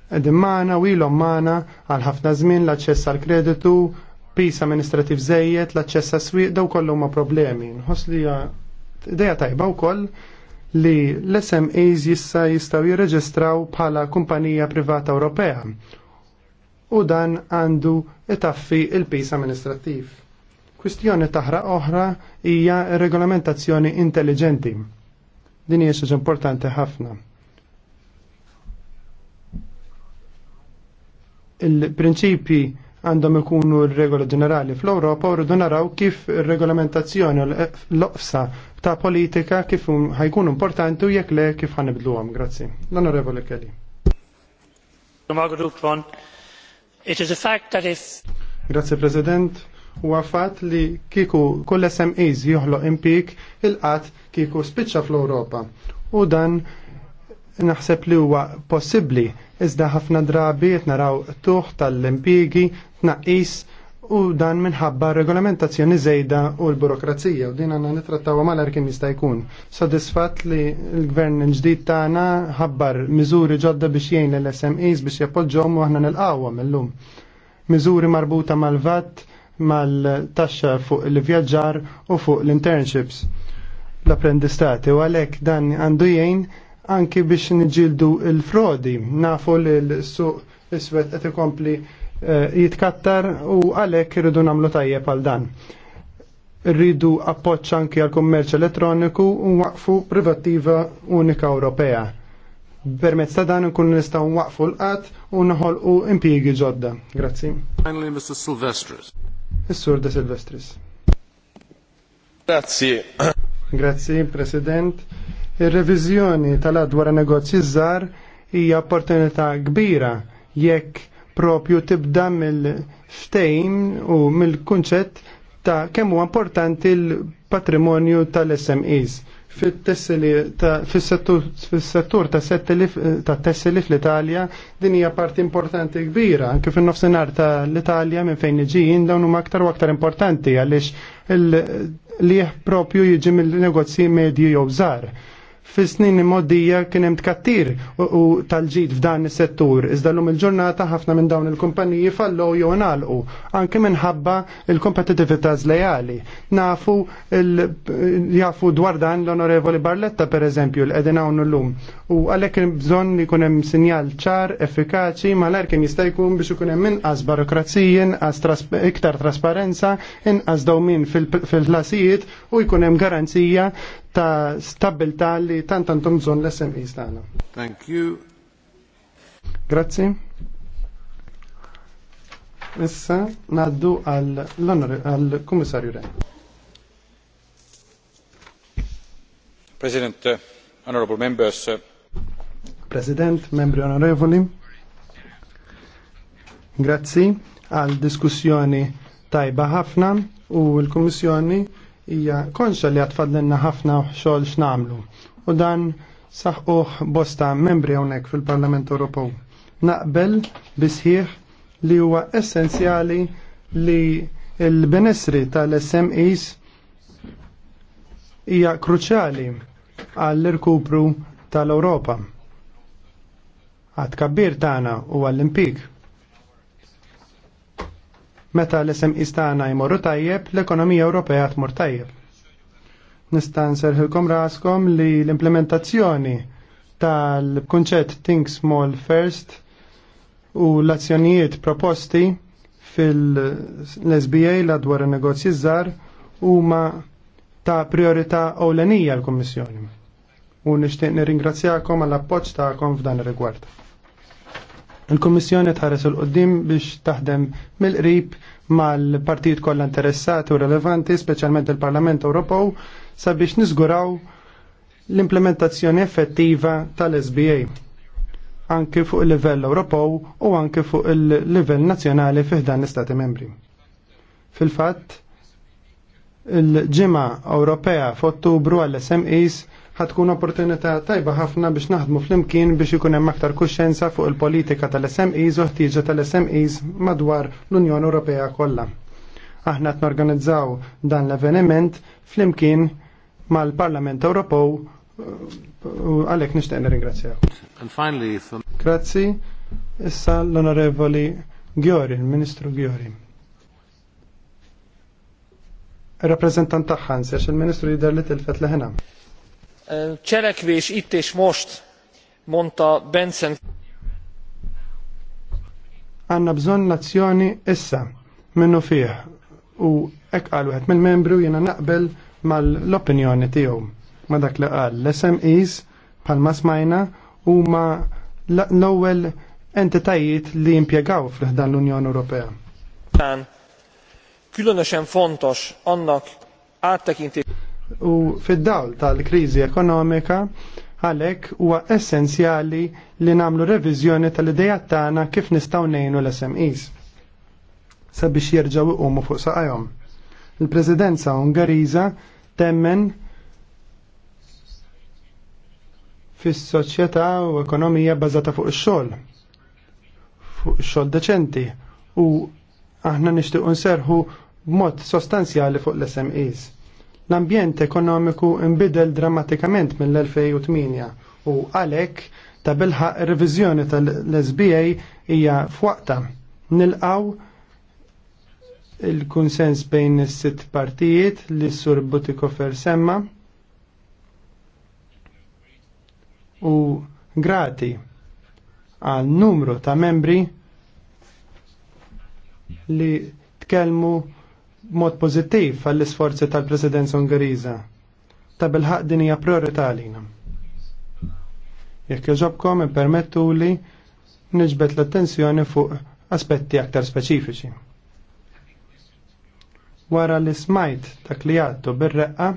qegħdin magħna u ilhom magħna għal ħafna żmien l-aċċess għal kreditu, pis amministrativ żejjed, l-aċċess għas swieq daw kollu huma problemi. Nħoss li ideja tajba wkoll li l-SMEs jissa jistaw jirreġistraw bħala kumpanija privata Ewropea u dan għandu itaffi il-pis amministrattiv. Kwistjoni taħra oħra hija regolamentazzjoni intelligenti. Din hija xi importanti ħafna. Il-prinċipi għandhom ikunu r-regola ġenerali fl-Ewropa u rridu naraw kif ir regolamentazzjoni l-oqsa ta' politika kif ħajkun importanti u jekk le kif ħanibdluhom. Grazzi. L-Onorevoli Kelly. It is a fact that if Grazie President, huwa fatt li kiku kull SMEs joħloq impik il-qatt kiku spiċċa fl-Ewropa. U dan naħseb li huwa possibbli iżda ħafna drabi qed naraw tuħ tal-impigi tnaqqis u dan minħabba regolamentazzjoni żejda u l-burokrazija u din għanna nitrattawa malar kien jista' jkun. Sodisfatt li l-gvern il-ġdid tagħna ħabbar miżuri ġodda biex jgħin l-SMEs biex jappoġġhom u aħna nilqawhom illum. Miżuri marbuta mal-VAT, mal-taxxa fuq il-vjaġġar u fuq l-internships l-apprendistati u għalhekk dan għandu jgħin anki biex niġildu il-frodi nafu l-suq iswed qed ikompli Eh, jitkattar u għalhekk rridu nagħmlu tajjeb għal dan. Rridu appoġġ anki għal kummerċ elettroniku u waqfu privattiva unika Ewropea. Permezz ta' dan nkun nistgħu waqfu l-qatt u naħolqu impjiegi ġodda. Grazzi. Finally, Mr. Silvestris. Is-Sur De Silvestris. Grazzi. Grazzi, President. Ir-reviżjoni tal-adwar negozji żgħar hija opportunità kbira jekk propju tibda mill-ftejn u mill-kunċett ta' kemm huwa importanti l-patrimonju tal-SMEs fil-settur ta' ta' tessili fl-Italja din hija parti importanti kbira anke fin-nofsinhar ta' l-Italja minn fejn iġijin dawn huma aktar u aktar importanti għaliex il lieħ propju jiġi mill-negozji medji jew żgħar fis-snin immoddija kien hemm tkattir u tal-ġid f'dan is-settur. Iżda lum il-ġurnata ħafna minn dawn il-kumpaniji fallow jew nalqu anke minħabba il-kompetitività żlejali. Nafu jafu dwar dan l-Onorevoli Barletta pereżempju l qegħdin hawn llum. U għalhekk hemm bżonn li jkun hemm sinjal ċar, effikaċi, malajr kien jista' jkun biex ikun hemm inqas barokrazija, inqas iktar trasparenza, inqas dawmin fil-ħlasijiet u jkun hemm garanzija ta' stabilta li li tant għandhom bżonn l-SMEs tagħna. Thank you. Grazzi. Issa naddu għall-Kummissarju Ren. President, honorable members. Uh, President, membri onorevoli. Grazzi għal diskussjoni tajba ħafna u l-Kummissjoni hija konxa li għatfadlenna ħafna xogħol x'namlu. U dan saħquh bosta membri hawnhekk fil-Parlament Ewropew. Naqbel bisħieħ li huwa essenzjali li l-benessri tal-SMEs hija kruċjali għall-irkupru tal-Ewropa. Għad kabbir tagħna u għall-impik. Meta l-isem istana jmorru tajjeb, l-ekonomija Ewropea tmur tajjeb. Nista' nserħilkom raskom li l-implementazzjoni tal-kunċett Think Small First u l-azzjonijiet proposti fil-SBA la dwar negozji żgħar huma ta' priorità ewlenija l-Kummissjoni. U nixtieq nirringrazzjakom għall appoġġ tagħkom f'dan ir-rigward. Il-Kommissjoni tħares il qoddim biex taħdem mill-qrib mal-partijiet kollha interessati u relevanti, speċjalment il-Parlament Ewropew, sabiex niżguraw l-implementazzjoni effettiva tal-SBA anke fuq il-livell Ewropew u anke fuq il-livell nazzjonali dan l-Istati membri. Fil-fatt, il-ġimgħa Ewropea f'Ottubru għall-SMEs ħatkun opportunità tajba ħafna biex naħdmu flimkien biex ikun hemm aktar kuxjenza fuq il-politika tal-SMEs u ħtieġa tal-SMEs madwar l-Unjoni Ewropea kollha. Aħna qed norganizzaw dan l-avveniment flimkien mal-Parlament Ewropew u għalhekk nixtieq nirringrazzjaw. Um, Grazzi, issa l-Onorevoli Gjori, il-Ministru Gjori rappresentant taħħan, sex il-ministru jider li tilfet leħna cselekvés itt és most mondta Benson. Għanna bżon nazzjoni issa minnu fih u ek għal wieħed mill-membru jena naqbel mal-opinjoni l tiegħu ma dak li qal l-SMEs bħalma smajna ma l-ewwel entitajiet li jimpjegaw fl-ħdan l-Unjoni Ewropea. Különösen fontos annak áttekintés U fid-dawl tal-kriżi ekonomika għalhekk huwa essenzjali li nagħmlu reviżjoni tal-idejat tagħna kif nistgħu ngħinu l-SMEs sabiex jerġgħu iqumu fuq saqajhom. Il-Presidenza Ungariża temmen fis-soċjetà u ekonomija bbażata fuq ix-xogħol, fuq ix-xogħol deċenti u aħna nixtiequ nserħu b'mod sostanzjali fuq l-SMEs L-ambjent ekonomiku imbidel drammatikament mill-2008 u għalek ta' bilħa revizjoni tal-SBA hija fwaqta. Nilqaw il-kunsens bejn is-sitt partijiet li sur Butikofer semma u grati għal numru ta' membri li tkellmu mod pozittiv għall-isforzi tal-Presidenza Ungeriża. Ta' bil-ħaq din hija priorità għalina. Jekk joġobkom permettu li l-attenzjoni fuq aspetti aktar speċifiċi. Wara li smajt ta' klijattu bir-reqqa,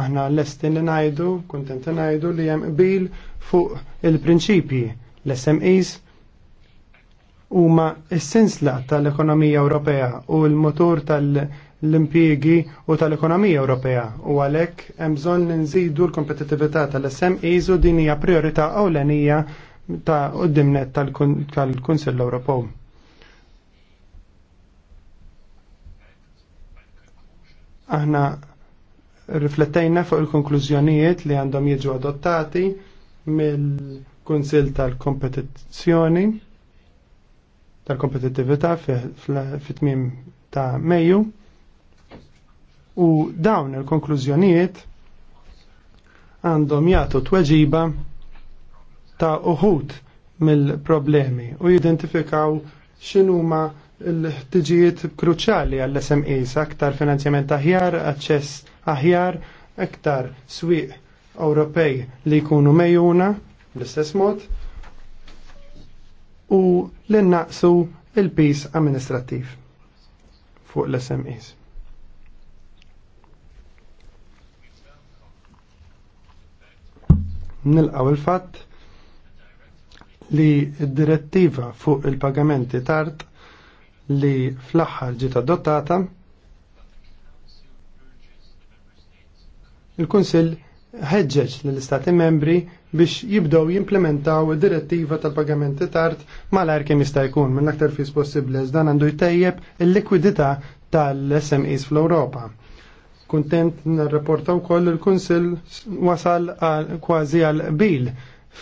aħna l-estin li najdu, kontent najdu li jem qbil fuq il-prinċipji l-SMEs huma s-sensla tal-ekonomija Ewropea u l mutur tal-impjiegi u tal-ekonomija Ewropea u għalhekk hemm bżonn nżidu l-kompetittività tal-SMEs u din hija priorità ewlenija ta' qudiemnet tal-Kunsill Ewropew. Aħna riflettejna fuq il-konklużjonijiet li għandhom jiġu adottati mill-Kunsill tal-Kompetizzjoni tal-kompetittività fit-tmim ta' Mejju u dawn il-konklużjonijiet għandhom jagħtu tweġiba ta' uħut mill-problemi u jidentifikaw x'inhuma l-ħtiġijiet kruċjali għall-SMEs, aktar finanzjament aħjar, aċċess aħjar, aktar swieq Ewropej li jkunu mejjuna bl-istess mod u li naqsu il-pis amministrattiv fuq l-SMEs. nilqaw il-fatt li d-direttiva fuq il-pagamenti tard li fl-aħħar ġiet adottata il-Kunsill ħeġġeġ lill-Istati membri biex jibdow jimplementaw direttiva tal-pagamenti tard malajr kemm jista' jkun minn aktar fis possibbli dan għandu jtejjeb il-likwidità tal-SMEs fl-Ewropa. Kuntent nirrapporta wkoll il-Kunsill wasal kważi għal bil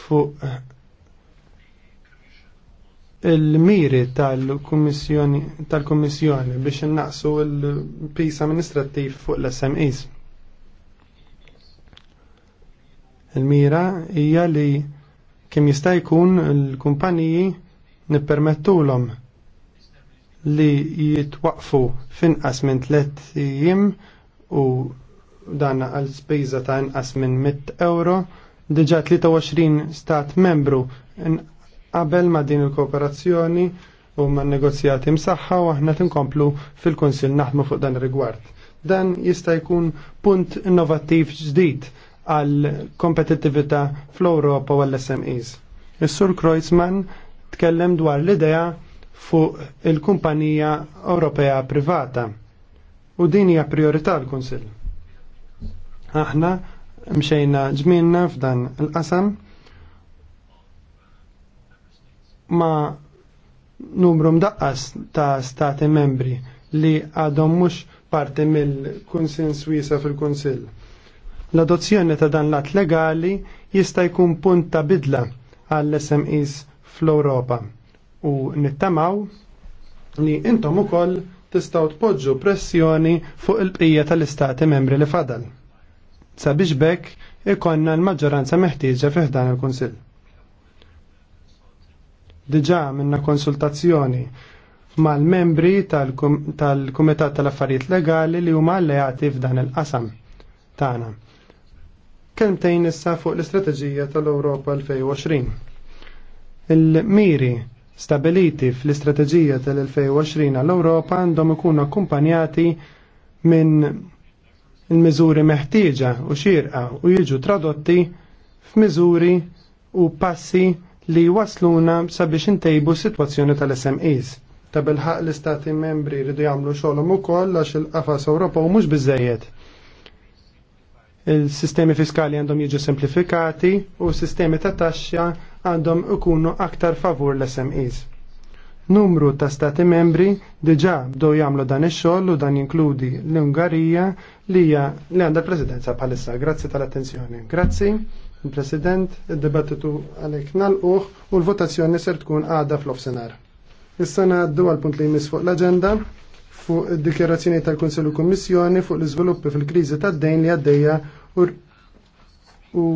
fuq il-miri tal-Kummissjoni tal biex innaqsu l-pis amministrattiv fuq l-SMEs. Il-mira hija li kemm jista' jkun il kumpaniji nippermettulhom li jitwaqfu finqas minn tliet ijiem u dan għal spiża ta' inqas minn 100 euro diġà 23 stat membru qabel ma' din il-kooperazzjoni u ma' negozjati msaħħa u aħna tinkomplu fil-Kunsil naħmu fuq dan rigward. Dan jista' jkun punt innovattiv ġdid għal kompetitivita fl-Ewropa u l-SMEs. Is-Sur Kreuzmann tkellem dwar l-idea fuq il-kumpanija Ewropea privata u din hija priorità l-Kunsill. Aħna mxejna ġminna f'dan il-qasam ma numru mdaqqas ta' stati membri li għadhom mhux parti mill-kunsens Swisa fil-Kunsill. L-adozzjoni ta' dan l-att legali jista' jkun punt ta' bidla għall-SMEs fl-Europa u nittamaw li intom ukoll tistgħu tpoġġu pressjoni fuq il-bqija tal-istati membri li fadal. Sabiex bekk ikonna l-maġġoranza meħtieġa fih dan il-Kunsill. Diġà minna konsultazzjoni mal-membri tal-Kumitat tal-Affarijiet Legali li huma alleati f'dan il-qasam tagħna. Kelmtejn issa fuq l-Istrateġija tal-Ewropa 2020. Il-miri stabiliti fl-Istrateġija tal-2020 għall-Ewropa għandhom ikunu akkumpanjati minn il-miżuri meħtieġa u xirqa u jiġu tradotti f'miżuri u passi li wasluna sabiex intejbu s-sitwazzjoni tal-SMEs. Ta' bilħaq l-istati membri rridu jagħmlu xogħolhom ukoll għax il-qafas Ewropa u mhux biżejjed il-sistemi fiskali għandhom jiġu semplifikati u sistemi ta' taxxa għandhom ikunu aktar favur l-SMEs. Numru ta' stati membri diġa bdow jagħmlu dan ix-xogħol u dan jinkludi l-Ungarija li hija li għandha l-Presidenza bħalissa. Grazzi tal-attenzjoni. Grazzi, il-President, id-dibattitu għalhekk nalquh u l-votazzjoni ser tkun għadha fl-ofsenar. Issa ngħaddu għal punt li jmiss fuq l-aġenda fuq id-dikjarazzjoni tal-Kunsill u Kummissjoni fuq l-iżviluppi fil-kriżi tad-dejn li għaddejja u